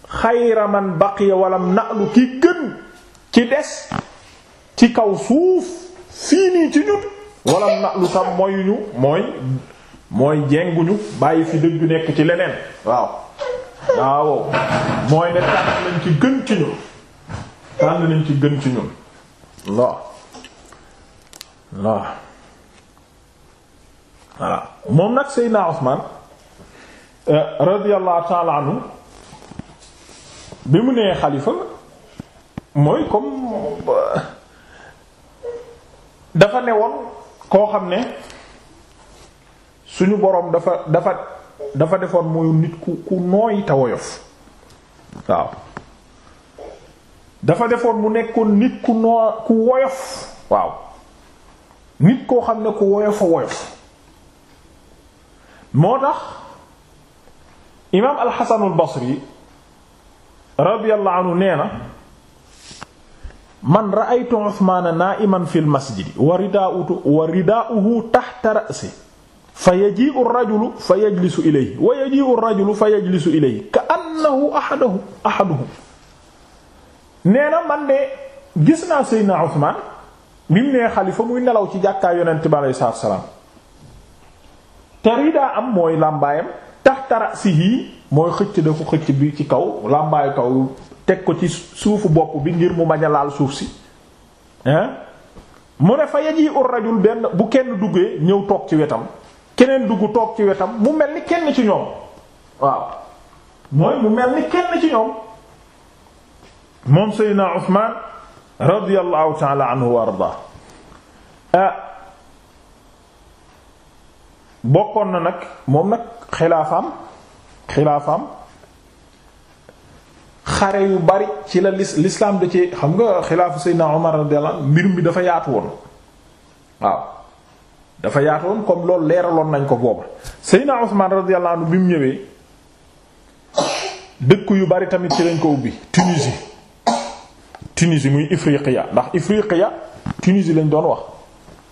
xayra man baqiya walam na'lu ki gën ci des. ci kaw suuf fii nii ci ñun wala na lu tam mooy ñu mooy mooy jenguñu bàyyi fi dëgg nekk ci leneen waaw waaw ci gën ci ci gën ci ñun waaw waaw voilà moom nag Seydina Usmaan euh, radiyallahu ta'ala anhu bi mu nee xalifa mooy comme euh, dafa newoon koo xam ne suñu boroom dafa dafa dafa defoon muy nit ku ku nooy ta woyof waaw dafa defoon mu nekkoon nit ku noo ku woyof waaw nit koo xam ne ku woyofa woyof moo tax imaam alxasanul basri radiyallahu anhu nee na man ra'aytu Usmaana naa'iman fil masjidi wa ridaa'uhu wa ridaa'uhu tahta ra'sihi fa yaji'u fa yajlisu ilayhi wa yaji'u ar-rajulu fa yajlisu ilayhi nee na man de gis naa Seydina Usmaan bi mu nee xalifa muy nelaw ci jàkkaay Yonent bi alayhi salaam te ridaa am mooy làmbaayam tahta ra'sihi mooy xëcc da xëcc bi ci kaw làmbaayu kaw teg ko ci suufu bopp bi ngir mu bañ a suuf si mu ne fa yaji ur rajul benn bu kenn duggee ñëw toog ci wetam keneen dugg toog ci wetam mu mel ni kenn ci ñoom waaw mooy mu mel ni kenn ci ñoom moom Seydina Usmaan radiyallahu taala anhu wa arda ah. bokkoon na nag moom nag xilaafaam xilaafaam xare yu bari ci la lislaam da ci xam nga xilaafu Seydina Omar radiyallahu anhu mbir mi dafa yaatu woon waaw dafa yaatu woon comme loolu leeraloon nañ ko booba Seydina Ousmane radiyallahu anhu bi mu ñëwee dëkk yu bari tamit ci lañ ko ubbi Tunisie Tunisie muy Ifriqiya ndax ya Tunisie lañ doon wax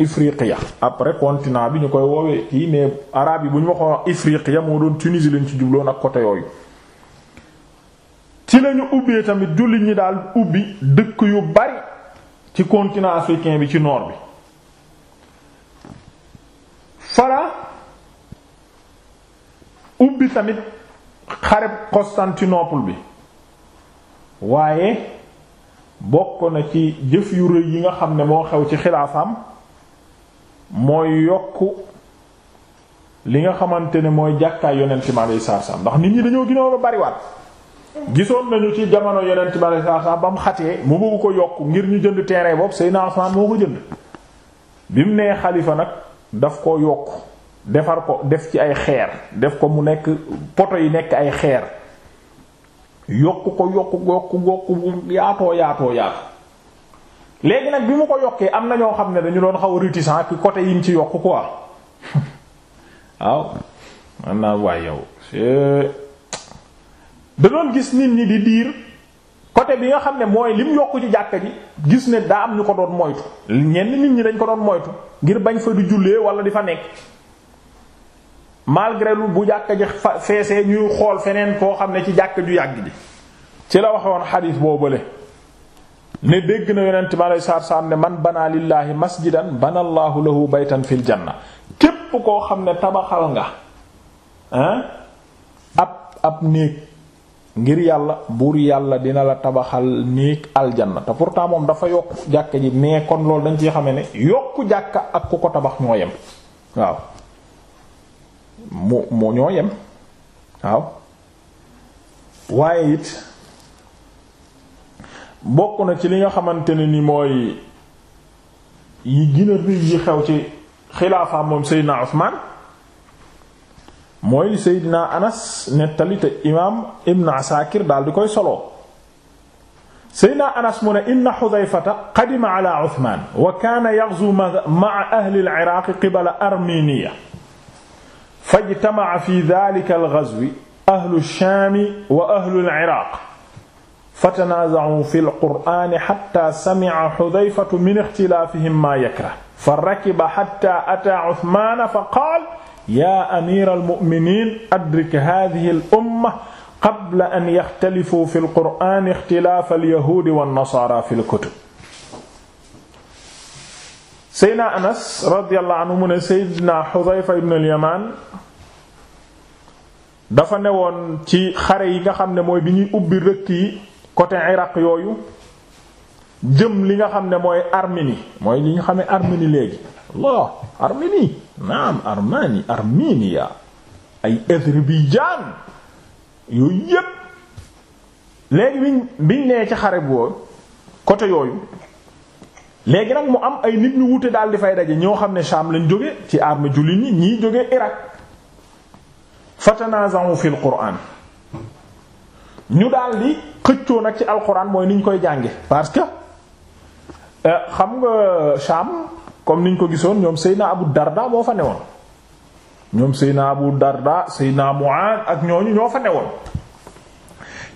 Ifriqiya après continent bi ñu koy woowee kii mais arabe yi bu ñu waxoon ya moo doon Tunisie lañ ci jubloon ak côté yooyu. ci lañu ubbee tamit jullit ñi daal ubbi dëkk yu bari ci continent africain bi ci noor bi fala ubbi tamit xareb Constantinople bi waaye bokk na ci jëf yu rëy yi nga xam ne moo xew ci xilaafam mooy yokk li nga xamante ne mooy jàkkaay yonent mi alayhi salaam ndax nit ñi dañoo gënoon a bariwaat gisoon nañu ci jamono yeneen ci bari saa saa ba mu xatee mu bëgg ko yokk ngir ñu jënd terrain boobu Seydina Usmaan moo ko jënd bi mu nee xalifa nag daf ko yokk defar ko def ci ay xeer def ko mu nekk poto yi nekk ay xeer yokk ko yokk yokk yokk yaatoo yaatoo yaatoo léegi nag bi mu ko yokkee am na ñoo xam ne dañu doon xaw a réticent ci côté yi mu ci yokk quoi waaw man naa waaye yow da doon gis nit ñi di diir côté bi nga xam ne mooy lim yokk ci jàkka ji gis ne daa am ñu ko doon moytu ñenn nit ñi dañ ko doon moytu ngir bañ fa du jullee wala di fa nekk malgré lu bu jàkk ji fa feesee ñuy xool feneen koo xam ne ci jàkk ju yàgg ji ci la waxoon xadiis boobale ne dégg na yonent ma lay saar saar ne man banaa lillaahi masjidan banallaahu lahu baytan fil janna képp koo xam ne tabaxal nga ah ab ab néeg ngir yàlla buur yàlla dina la tabaxal néeg aljanna te pourtant moom dafa yokk jàkka ji mais kon loolu dañ ci xamee ne yokk jàkka ak ku ko tabax ñoo yem waaw mu mu ñoo yem waaw waaye it bokk na ci li nga xamante ne ni mooy yi gën a rëy yi xew ci xilaafa moom Seydina Usmaan mooy Seydina Anas nettali te imaam Ibn Asakir daal di koy solo Seydina Anas mu ne inna Hudhayfata qadima ala Uthman wa kana yaghzu ma'a ahli al-Iraq qibala Arminiya fajtama'a fi dhalika al-ghazwi ahlu ash-Sham wa ahlu al-Iraq fatanaza'u fi al-Qur'an hatta sami'a Hudhayfatu min ikhtilafihim ma yakrah farakiba hatta ata Uthman faqala yaa amir almuminin adrik hadihi al umma qabla an yaxtalifuu fi lqur'an ixtilaaf alyahuudi wannasaara fi lkutub seydna anas radiyallahu anhu mu ne seydna xudayfa ibn alyamaan dafa newoon ci xare yi nga xam ne mooy bi ñuy ubbi rëkk yi côté iraq yooyu jëm li nga xam ne mooy armeni mooy li nga xam ne armeni léegi Allah Arménie naam Armani Armenia ay Azerbaïdjan yooyu yépp léegi biñ biñ nee ci xare boobu côté yooyu léegi nag mu am ay nit ñu wute daal di fay daje ñoo xam ne Sham lañ jóge ci armée jullit ñi ñii jóge Irak fatanaza'u fil Qur'an ñu daal di xëccoo nag ci alquran mooy ni koy jànge parce que euh, xam nga Sham comme niñ ko gisoon ñoom Seyna Abu Darda moo fa newoon ñoom Seyna Abu Darda Seyna Mu'aad ak ñooñu ñoo fa newoon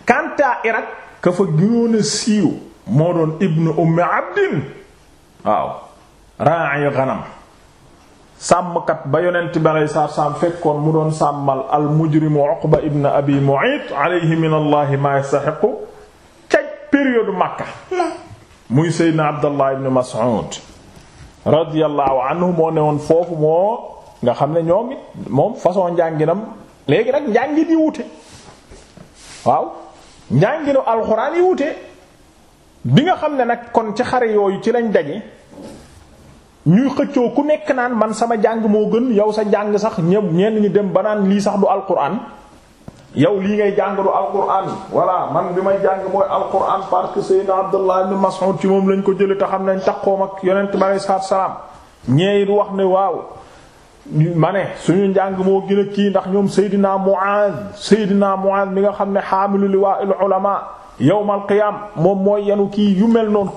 kanta Irak ka fa gënoon siiw moo doon ibnu ummi abdin waaw ra'i ghanam sàmmkat ba yonent bi alei fekkoon mu doon sàmmal al mujrimu uqba ibn abi mu'ayt alayhi min ma yastaxiqu ca période Makka muy seydna abdallah ibn mas'ud radiyallahu anhu moo ne woon foofu moo nga xam ne ñoom it moom façon njànginam léegi nag njàngin yi wute waaw njànginu alxuraan yi wute bi nga xam ne nag kon ci xare yooyu ci lañ daje ñuy xëccoo ku nekk naan man sama njàng moo gën yow sa njàng sax ñëpp ñenn ñi dem ba naan lii sax du alxuraan yow lii ngay jàng du alquran voilà man bi may jàng mooy alquran parce que Seydina Abdullah ibn Mas'ud ci moom lañ ko jëlee te xam nañ taxawoom ak yonent bi aleyhi salaatu salaam ñeey du wax ne waaw. ma ne suñu njàng moo gën a kii ndax ñoom Seydina Mu'az Seydina Mu'az mi nga xam ne xaamilu liwaa'il ulama yawmal qiyaam moom mooy yanu kii yu mel noonu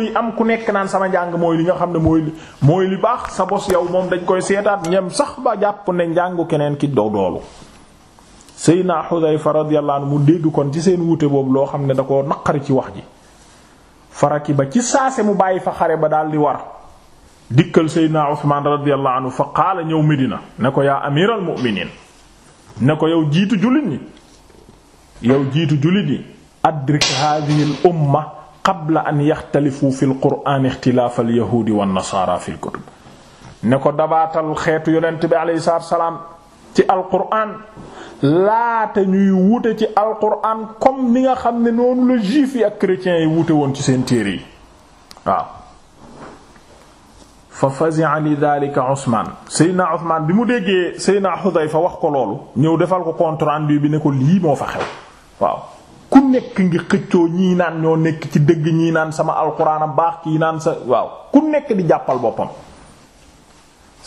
yi am ku nekk naan sama njàng mooy li nga xam ne mooy li li baax sa bos yow moom dañ koy seetaat ñem sax ba jàpp ne njàngu keneen ki dow doolu Seydina Xudayfa radiyallahu anhu mu dégg kon ci seen wute boobu loo xam ne da ko naqari ci wax ji faraki ba ci saase mu bàyyi fa xare ba daal di war dikkal Seydina Usmaan radiyallahu anhu fa qaala ñëw Medina ne ko yaa amiral mu'miniin ne ko yow jiitu jullit ñi yow jiitu jullit ñi adrik hadhihi al umma qabla an yaxtalifu fi al qur'aan ixtilaaf wa nasaara ci alquran laate ñuy wute ci alquran comme ni nga xam ne noonu la juif yi ak chrétiens yi wute woon ci seen téere yi waaw fa fazi'a li dhalika Usman Seydina Usman bi mu déggee Seydina Hudayfa wax ko loolu ñëw defal ko compte rendu bi ne ko lii moo fa xew waaw ku nekk ngi xëccoo ñii naan ñoo nekk ci dëgg ñii naan sama alquran a baax kii naan sa waaw ku nekk di jàppal boppam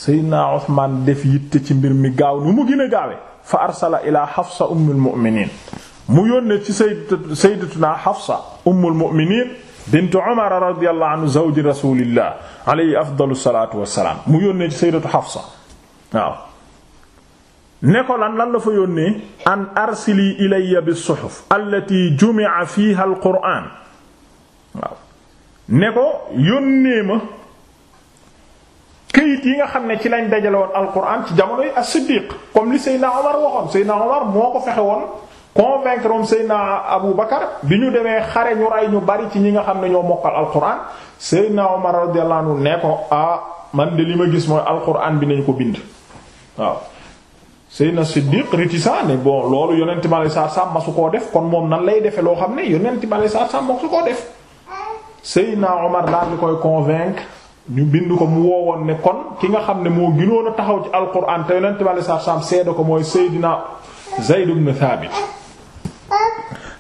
seydna Usmaan def yitte ci mbir mi gaaw nu mu gën a gaawe fa arsala ila Hafsa ummul mu'miniin mu yónnee ci sayyidat sayyidatuna Hafsa ummul mu'miniin bint Umar radiyallahu anhu zawji rasulillah alayhi afdalu salaatu wassalaam mu yónnee ci sayyidatu Hafsa waaw lan lan la fa yónnee an arsili ilayya bis-suhuf allati jumi'a fiha al-Qur'aan waaw ma këyit yi nga xam ne ci lañ dajale woon alquran ci jamono yi as-Siddiq comme li Seydina Omar waxoon Seydina Omar moo ko fexe woon convaincre moom Seydina Abu Bakar bi ñu demee xare ñu bari ci ñi nga xam ne ñoo mokkal alquran Seydina Omar radiyallahu anhu ne ko ah man de li ma gis mooy alquran bi nañ ko bind waaw. Seydina Siddiq réticent ne bon loolu yonent ma saa sàmm su koo def kon moom nan lay defee loo xam ne yonent ma lay saa sàmm ma su koo def Seydina Omar daal di koy convaincre. ñu bind ko mu woowoon ne kon ki nga xam ne moo gënoon a taxaw ci alquran te yonent bi alayhi salaam seede ko mooy Seydina Zayd ibn Thabit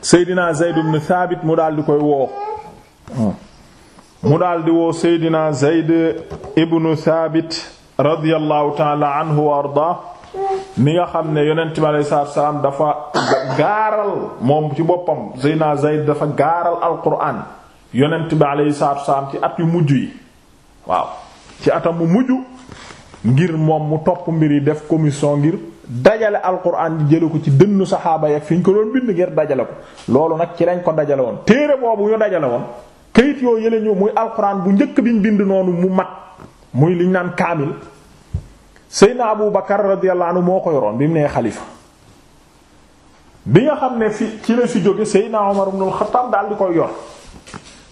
Seydina Zayd ibn Thabit mu daal di koy woo mu daal di woo Seydina Zayd ibn Thabit radiyallahu ta'ala anhu wa ardaa mi nga xam ne yonent bi alayhi salaam dafa gaaral moom ci boppam Seydina Zayd dafa gaaral alquran yonent bi alayhi salaam ci at yu mujj yi. waaw ci atam mu mujj ngir moom mu topp mbir yi def commission ngir dajale alquran di jële ko ci dënnu saxaaba yi ak fi ñu ko doon bind ngir dajale ko loolu nag ci lañ ko dajale woon téere boobu ñu dajale woon kayit yoo yële ñu muy alquran bu njëkk bi ñu bind noonu mu mat muy liñ naan kaamil Seydina Abu Bakar radiyallahu anhu moo ko yoroon bi mu nee xalifa bi nga xam ne fi ci la fi jóge Seydina Umar ibn al daal di koy yor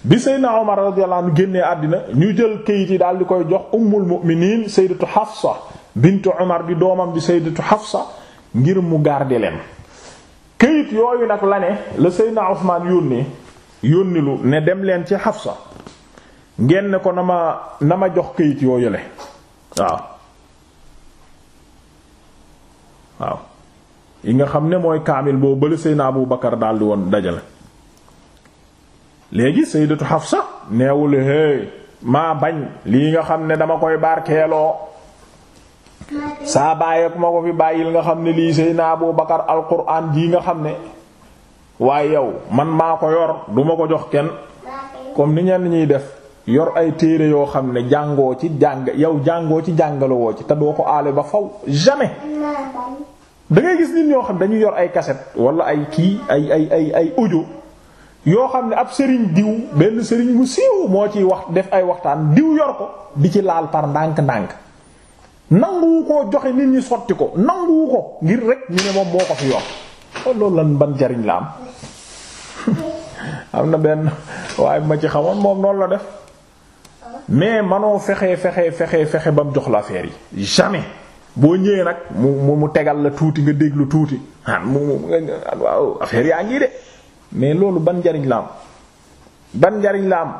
bi Seydina Omar radiyallahu anhu àddina ñu jël kayit yi daal di koy jox ummul mu'minin sayyidatu Hafsa bintu Omar di doomam di sayyidatu sa ngir mu garder leen kayit yooyu nag la ne la Seydina Usmaan yónnee yónni ne dem leen ci Hafsa ngeen ne ko na ma na ma jox kayit yooyu le waaw waaw yi nga xam ne mooy kaamil boobu bala Seydina Abu Bakar daal di woon dajale léegi sayyidatu Hafsa neewul hey maa bañ lii nga xam ne dama koy barkeeloo saa bàyyi ku ma ko fi bàyyil nga xam ne lii Seydina Abu Bakar alquran jii nga xam ne waaye yow man maa ko yor duma ko jox kenn comme ni ñenn ñuy def yor ay téere yoo xam ne jàngoo ci jàng yow jàngoo ci jàngalowoo ci te doo ko aale ba faw jamais da ngay gis nit ñoo xam dañuy yor ay cassette walla ay kii ay ay ay ay yoo xam ne ab sëriñ diw benn sëriñ mu siiw moo ciy wax def ay waxtaan diw yor ko di ci laal par ndànk-ndànk nanguwu koo joxe nit ñi sotti ko nanguwu ko ngir rek ñu ne moom moo ko fi yor loolu lan ban jariñ la am am na benn waaye ma ci xamoon moom noonu la def mais manoo fexe fexe fexe fexe ba mu jox la affaire yi jamais boo ñëwee nag mu mu tegal la tuuti nga déglu tuuti ah mu mu ah, waaw affaire yaa ngi de. mais loolu ban njariñ la ban njariñ la am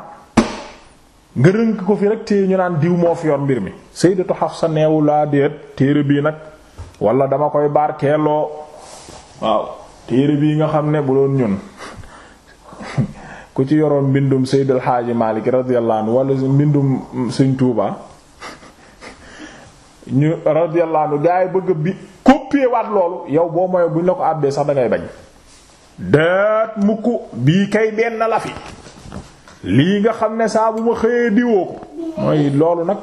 nga rënk ko fi rek te ñu naan diw moo fi yor mbir mi sayyidatu Hafsa neewu laa déet téere bii nag wala dama koy barkeeloo waaw téere bii nga xam ne bu doon ñun ku ci yoroon mbindum Seydil Xaaji Malik radiyallahu anhu wala mbindum Sëñ Tuuba ñu radiyallahu anhu gaa yi bëgg bi copier waat loolu yow boo moyo buñ la ko àbbee sax da bañ daat mukk bi kay benn la lii nga xam ne saa bu ma xëyee diwoo ko mooy loolu nag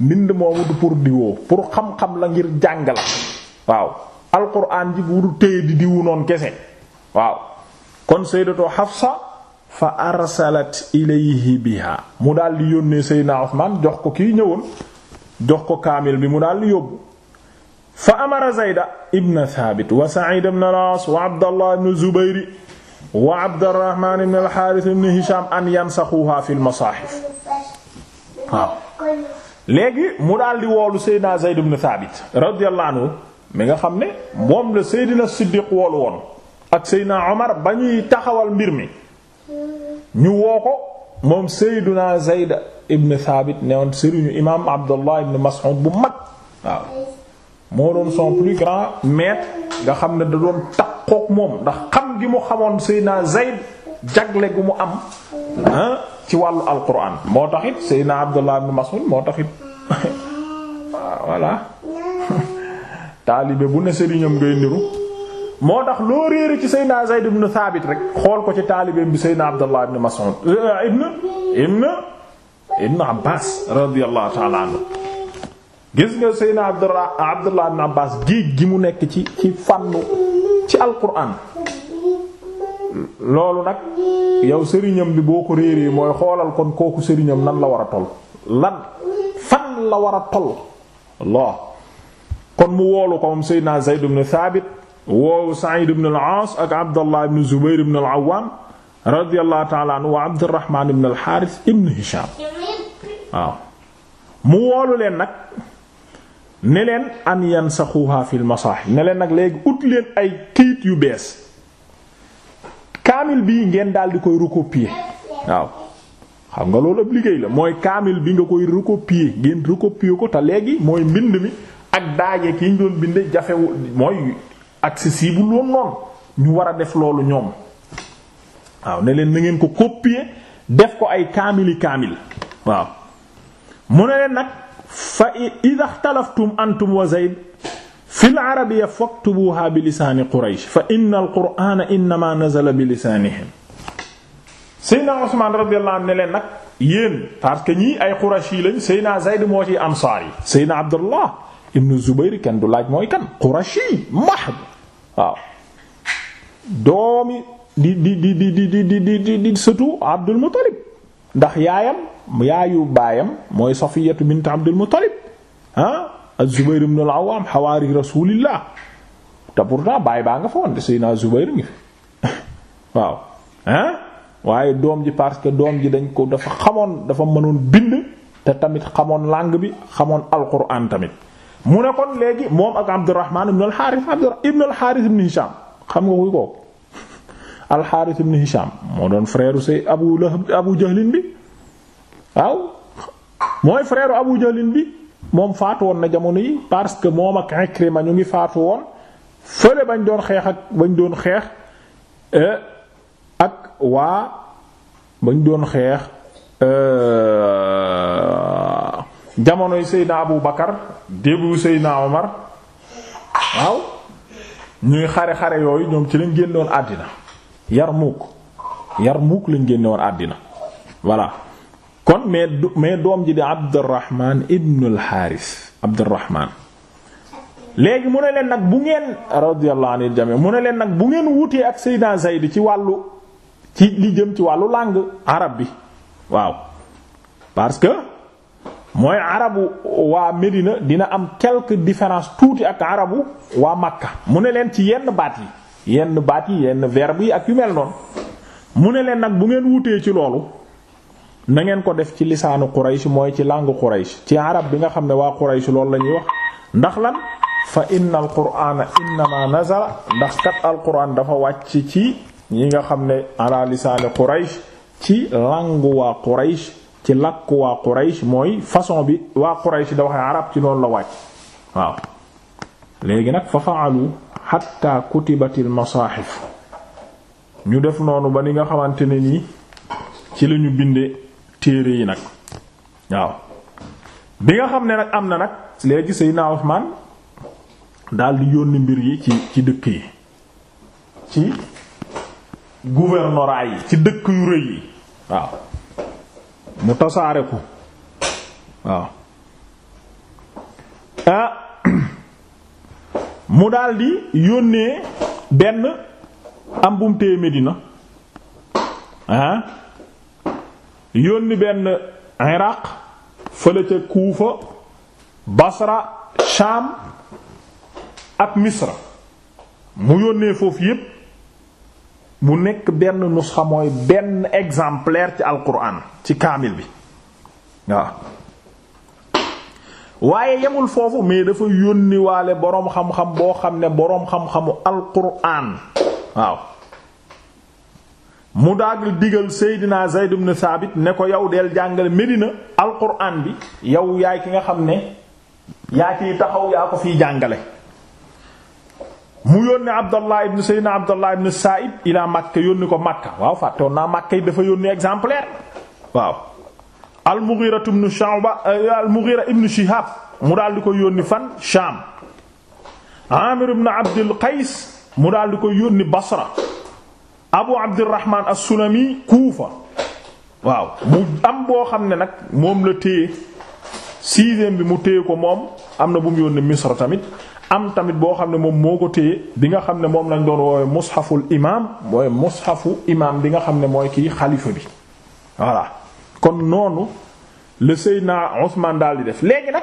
mbind moomu du pour diwoo pour xam-xam la ngir jàng la waaw alquran ji bu du téye di diwu noonu kese waaw kon sayyidatu Hafsa fa arsalat ilayhi biha mu daal di yónnee Seydina Usmaan jox ko kii ñëwoon jox ko kaamil bi mu daal di yóbbu fa amara zayda ibn thabit wa sa'id ibn al-as wa abdallah ibn zubayr wa abdurrahman ibn al-harith ibn hisham an yansaxuha fi al-masahif waaw léegi mu daal di woolu seydina zayd ibn thabit radiyallahu anhu mi nga xam ne moom la seydina siddiq woolu woon ak seydina omar ba ñuy taxawal mbir mi ñu woo ko moom seydina zayd ibn thabit ne woon sëriñu imaam abdullah ibn mas'ud bu mag waaw moo doon son plus grand maître nga xam ne da doon takkook moom ndax xam gi mu xamoon Seydina Zayd jagle gu mu am ci wàllu alquran moo taxit Seydina Abdullah ibn Mas'ud moo taxit voilà taalibe bu ne sëriñam ngay niru moo tax loo réere ci Seydina Zayd ibn Thabit rek xool ko ci taalibeem bi Seydina Abdullah ibn Mas'ud euh, ibn ibn ibn Abbas radiyallahu ta'ala anhu gis nga Seydina Abdullah Abdullah ibn mu nekk ci ci fànnu ci alquran loolu nag yow sëriñam bi boo ko réeree mooy xoolal kon kooku sëriñam nan la war a tol lan fan la war a toll Allah kon mu woolu ko moom Seydina Zayd ibn Thabit woowu Sa'id ibn al-Aas ak Abdullah ibn Zubayr ibn al-Awwam radiyallahu ta'ala anhu wa Abdurrahman ibn al-Harith ibn waaw mu woolu leen nag ne leen an yansaxuha fil masaahi ne leen nag léegi ut leen ay kayit yu bees kaamil bii ngeen daal di koy recopier waaw xam nga loolu ab liggéey la mooy kaamil bi nga koy recopier ngeen recopier ko te léegi mooy mbind mi ak daaje ki ñu doon bind jafewu mooy accessible woon noonu ñu war a def loolu ñoom waaw ne leen na ngeen ko copier def ko ay kaamili kaamil waaw mu ne leen nag fa idha ikhtalaftum antum wa zayd fil arabiyya faktubuha bi lisaani quraysh fa innal qur'aana innamaa nazala bi lisaanihim Seyna Usmaan radiyallahu anhu ne leen nag yéen parce que ñii ay quraysh yi lañ Seyna Zayd moo ci ansaar yi Seyna Abdullah ibn Zubayr kenn du laaj mooy kan quraysh yi mahd waaw doomi di di di di di di di di surtout Abdul Muttalib ndax yaayam yaayu baayam mooy safiyatu bint abdul muttalib ah az-zubayr ibn al-awwam xawaari rasulillah te pourtant baay baa nga fa wante sayna zubayr ngi fi waaw ah waaye doom ji parce que doom ji dañ ko dafa xamoon dafa mënoon bind te tamit xamoon langue bi xamoon alquran tamit mu ne kon léegi moom ak abdurrahman ibn al-harith ibn al-harith ibn hisham xam nga kuy kooku al-harith ibn hisham moo doon frère say abu lahab abu jahlin bi waaw mooy frère Abu Jahlin bi moom faatu woon na jamono yi parce que moom ak Ikrima ñu ngi faatu woon fële bañ doon xeex ak bañ doon xeex euh, ak waa bañ doon xeex euh, jamonoy Seydina Abu Bakar débu Seydina Omar waaw ñuy xare-xare yooyu ñoom ci lañ génnoon àddina yar Yarmuk lañ génnoon àddina voilà kon mais doom ji di Abdurrahman ibn al-Haris Abdurrahman léegi mu ne leen nag bu ngeen radiyallahu anil jami mu ne leen nag bu ngeen wutee ak Seydina Zayd ci wàllu ci li jëm ci wàllu làng arab bi waaw parce que mooy arabu waa Médina dina am quelque différence tuuti ak arabu waa Makka mu ne leen ci yenn baat yi yenn baat yi yenn verbe yi ak yu mel noon mu ne leen nag bu ngeen wutee ci loolu na ngeen ko def ci lisaanu Quraysh mooy ci langue Quraysh ci arab bi nga xam ne waa Quraysh loolu la ñuy wax ndax lan fa inna al qur'ana innama ndax kat al qur'an dafa wàcc ci ñi nga xam ne ala lisaani Quraysh ci langue waa Quraysh ci làkk waa Quraysh mooy façon bi waa Quraysh da waxee arab ci noonu la wàcc waaw léegi nag fa fa'alu hatta kutibatil masaahif ñu def noonu ba ni nga xamante ne nii ci lañu bindee téere yi nag waaw bi nga xam ne nag am na nag léegi Seydina Usmaan daal di yónni mbir yi ci ci dëkk yi ci gouvernorat yi ci dëkk yu rëy yi waaw mu tasaare ko waaw ah, mu daldi yónnee benn am bu mu téye Medina ah. yónni benn iraq fële ca kuufa basra sham ak misra mu yónnee foofu yépp mu nekk benn nusxa mooy benn exemplaire ci alquran ci kaamil bi waaw waaye yemul foofu mais dafa yónniwaale boroom xam-xam boo xam ne boroom xam-xamu alquran waaw mu daal digal Seydina Zayd ibn Thabit ne ko yow deel jàngale Medina alquran bi yow yaay ki nga xam ne yaa ciy taxaw yaa ko fiy jàngale mu yónni Abdallah ibn Seydina Abdallah ibn Sa'ib ila Makka yónni ko Makka waaw fàttewoon naa Makka yi dafa yónni exemplaire waaw al-Mughira ibn Shu'ba euh, al-Mughira mu daal di ko yónni fan Sham Amir ibn Abdul Qais mu daal di ko yónni Basra abu abdirahman as-sulami kuufa waaw mu am boo xam ne nag moom la téye sixième bi mu téye ko moom am na bu mu yónnee misra tamit am tamit boo xam ne moom moo ko téye bi nga xam ne moom lañ doon woowee mushaful imaam mooy mushafu imaam bi nga xam ne mooy kii xalifa bi voilà kon noonu la naa Ousmane daal di def léegi nag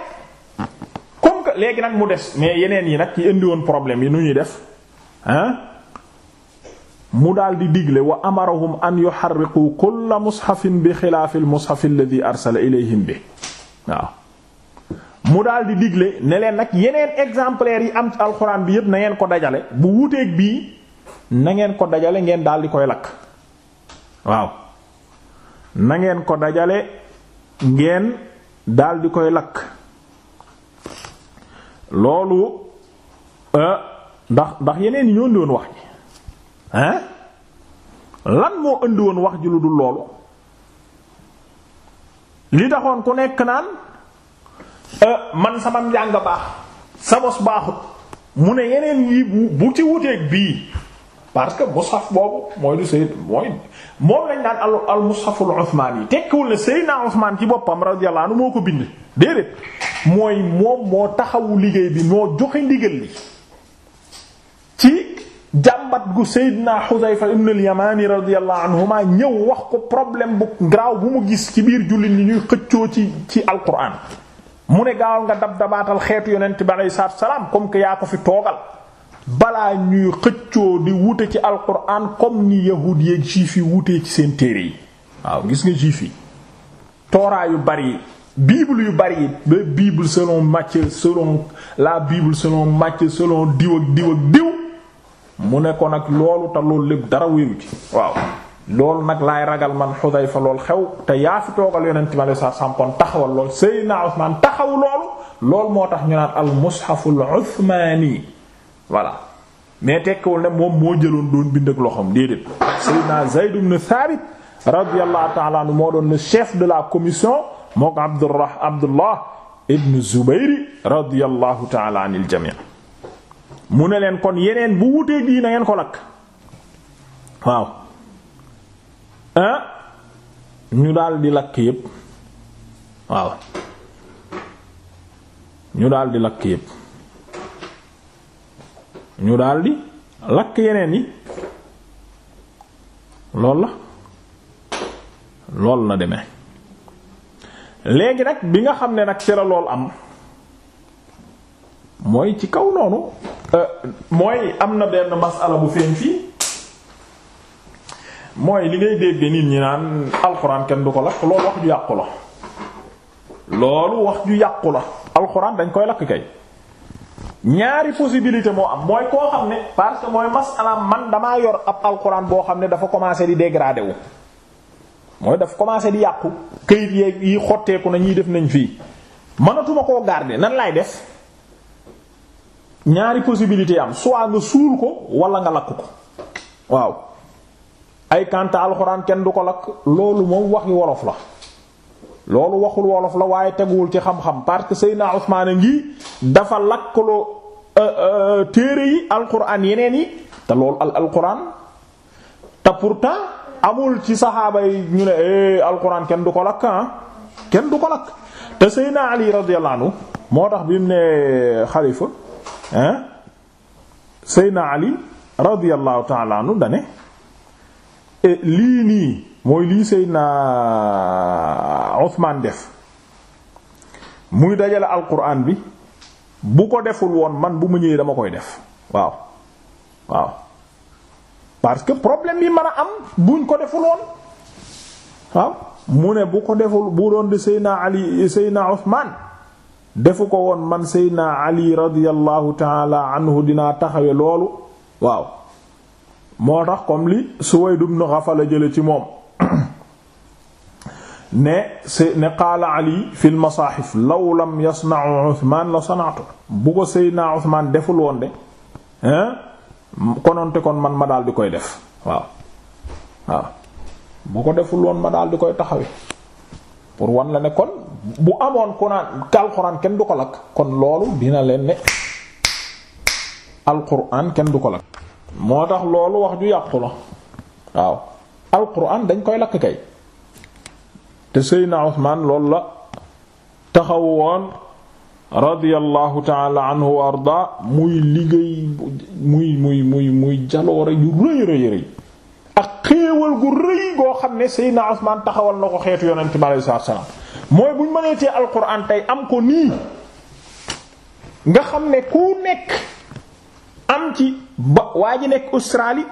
comme que léegi nag mu des mais yeneen yi nag ci indi woon problème yi nu ñuy def hein mu daal di digle wa amarahum an yuharriqu kulla mushafin bi xilaafi almushaf alladhi arsala ilayhim bi waaw mu dal di digle neleen nag yeneen exemplaires yi am ci alxuraan bi yépp na ngeen ko dajale bu wuteeg bii nangeen ko dajale ngeen daal di koy lakk waaw na ko dajale ngeen daal di koy lakk loolu euh, ndax ndax yeneen yi ñoo doon wax. hein lan moo indiwoon wax ji lu dul loolu li taxoon ku nekk naan euh, man sama njàng baax sa bos baaxut mu ne yeneen yi bu bu ci wuteeg bii parce que mushaf boobu mooy du sayyid mooy moom lañ daan al al mushaful Usmaan yi tekkiwul ne Seydina Usmaan ci boppam radiyallahu anhu moo ko bind déedéet mooy moom moo taxawu liggéey bi moo joxe ndigal li ci jàmbat gu Seydina Xudayfa ibn al-Yamani radiyallahu anhuma ñëw wax ko problème bu graaw bu mu gis ci biir jullit ñi ñuy xëccoo ci ci alquran mu ne gaawal nga dab dabaatal xeetu yonent bi aleyhi salaatu salaam comme que yaa ko fi toogal balaa ñuy xëccoo di wute ci alquran comme ni yahuud yeeg juif yi wutee ci seen téere yi waaw gis nga juif yi tooraa yu bari yi yu bari yi ba bible selon Matthieu selon diw ak diw ak diw mu ne ko nag loolu te loolu lépp dara wéeru ci waaw loolu nag laay ragal man Xudayfa lool xew te yaa fi toogal yonent ma sa sàmpoon taxawal lool Seydina Usmaan taxaw loolu lool moo tax ñu naan al mushaful usmaani voilà mais tekkiwul ne moom moo jëloon doon bind ak loxoom déedéet Seydina Zayd ibn Thabit radiyallahu ta'ala moo doon le chef de la commission mook Abdurrah Abdullah ibn Zubayr radiyallahu ta'ala anil jami' mu ne leen kon yeneen bu wuteeg lii nangeen ko lakk waaw ah ñu daldi lakk yépp waaw ñu daldi lakk yépp ñu daal lakk yeneen yi lool la lool na deme léegi nag bi nga xam ne nag ci la lool am mooy ci kaw noonu euh, mooy am na benn masala bu feeñ fii mooy li ngay dégg nit ñi naan alxuraan kenn du ko lakk loolu wax ju yàqu la loolu wax ju yàqu la alxuraan dañ koy lakk kay ñaari posibilité moo am mooy koo xam ne parce que mooy masala man damaa yor ab alxuraan boo xam ne dafa commencé di dégradé mooy dafa commencé di yàqu këyit yeeg yi xotteeku na ñuy def nañ fii mënatuma koo garder nan laay def ñaari possibilité am soit nga suul ko wala nga lakk ko waaw ay kanta alxuraan kenn du ko lakk loolu moom waxi wolof la loolu waxul wolof la waaye teguwul ci xam-xam parce que Seydina Usmaan ngi dafa lakkaloo euh, euh, téere yi alxuraan yeneen yi te loolu al alxuraan te pourtant amul ci saxaaba yi ñu ne eh, alxuraan kenn du ko lakk ah kenn du ko lakk te Seydina Ali radiyallahu anhu moo tax bi mu ne xalifa hein Seyna Ali radiyallahu ta'ala anhu dane e lii nii mooy lii Seyna Usmaan def muy dajale alquran bi bu ko deful woon man bu mu dama koy def waaw waaw parce que problème yi mën a am buñ ko deful woon waaw mu ne bu ko deful bu doon di Seyna Ali Seyna Usmaan defu ko woon man seydna ali radiyallahu taala anhu dinaa taxawe loolu waaw moo tax comme li Suwayd ibn Ghafala jële ci moom ne se ne qaala ali fi l masaxif law lam yasnau Usmaan la sanatu bu ko seydna Usmaan deful woon de kononte kon man ma daal di koy def waaw waaw bu ko deful woon ma daal di koy taxawe pour wan la ne kon bu amoon ku naan alxuraan kenn du ko lakk kon loolu dina leen ne alxuraan kenn du ko lakk moo tax loolu wax ju yàqu la waaw alxuraan dañ koy lakk kay te Seydina Usmaan loolu la taxaw woon radiyallahu taala anhu wa arda muy liggéey muy muy muy muy jaloore yu rëy rëy rëy ak xéewal gu rëy goo xam ne Seydina Usmaan taxawal na ko xeetu yonent bi alayhi salaatu salaam mooy bu ñu mëneetee alxuraan tey am ko nii nga xam ne ku nekk am ci ba waa ji nekk Australie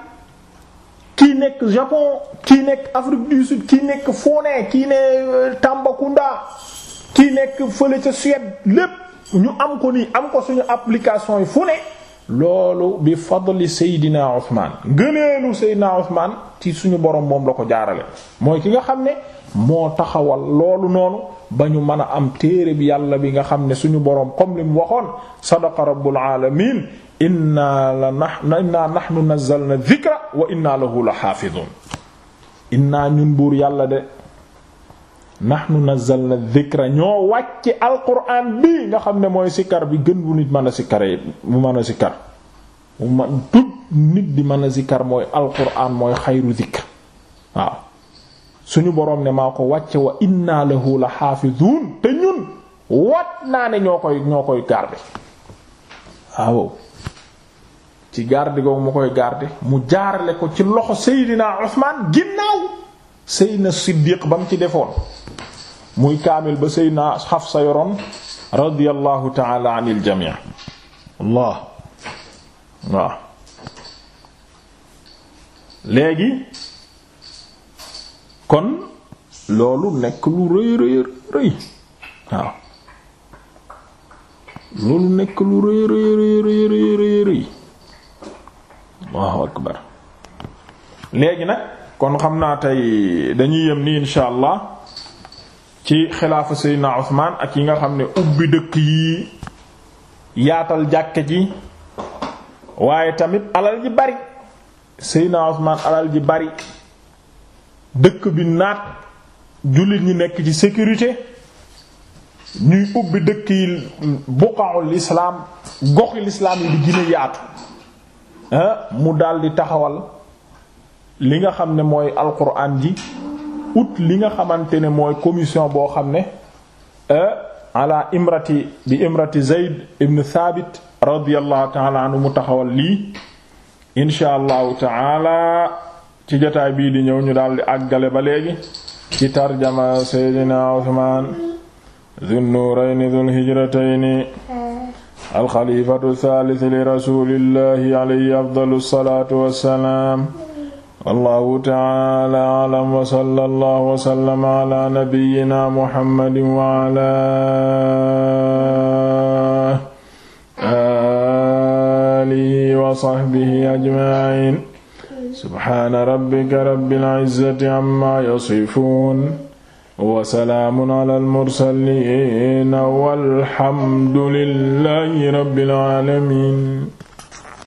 kii nekk Japon kii nekk Afrique du Sud kii nekk Fone kii ne euh, Tambacounda kii nekk fële ca Suède lépp ñu am ko nii am ko suñu application yi fu ne loolu bi fadli Seydina Ousmane ngëneelu Seydina Ousmane ci suñu borom moom la ko jaarale mooy ki nga xam ne moo taxawal loolu noonu ba ñu mën a am téere bi yàlla bi nga xam ne suñu borom comme li mu waxoon sadaqa rabbul alamin inna la inna nahnu nazzalna dhikra wa inna lahu la xaafidun inna ñun buur yàlla de nahnu nazzalna dhikra ñoo wàcc alquran bi nga xam ne mooy sikkar bi gën bu nit mën a sikkaree bu mën a sikkar bu man tut nit di mën a sikkar mooy alquran mooy xayru dhikr waaw suñu boroom ne maa ko wàcce wa inna lahu la xaafizuun te ñun wat naa ne ñoo koy ñoo koy garder waaw ci garder googu mu koy garder mu jaarale ko ci loxo Seydina osmaan ginnaaw Seydina Siddiq ba mu ci defoon muy kaamil ba Seydina Hafsa yoroon radiyallahu taala anil jamii Allah waaw léegi kon loolu nekk lu rëy rëy rëy rëy rëy rëy Allahu akbar léegi nag kon xam naa tey dañuy yem ni insha allah ci xilaafa Seydina Usmaan ak yi nga xam ne ubbi dëkk yi yaatal jàkke ji waaye tamit alal ji bari Seydina Usmaan alal ji bari dëkk bi naat jullit ñi nekk ci sécurité ñuy ubbi dëkk yi buqa'ul lislaam goxi lislaam yi di gën a yaatu ah, mu daldi taxawal li nga xam ne mooy alquran ji ut li nga xamante ne mooy commission boo xam ne euh, ala imrati bi imrati Zayd ibn Thabit radiyallahu taala anhu mu taxawal lii insha allahu taala ci jotaay bii di ñëw ñu daldi àggale ba léegi ci tarjama Seydina Usmaan dhul nuurayni dhul hijratayni al xalifatu thalith li rasulillahi alayhi afdalu salaatu wassalaam wallahu taala alam wa sallallahu wa sallama ala nabiyyina muhammadin wa ala alihi wa sahbihi ajma'in subhana rabbika rabbil izzati amma yasifun wa salaamun ala al-mursaliin walhamdulillahi rabbil aalamiin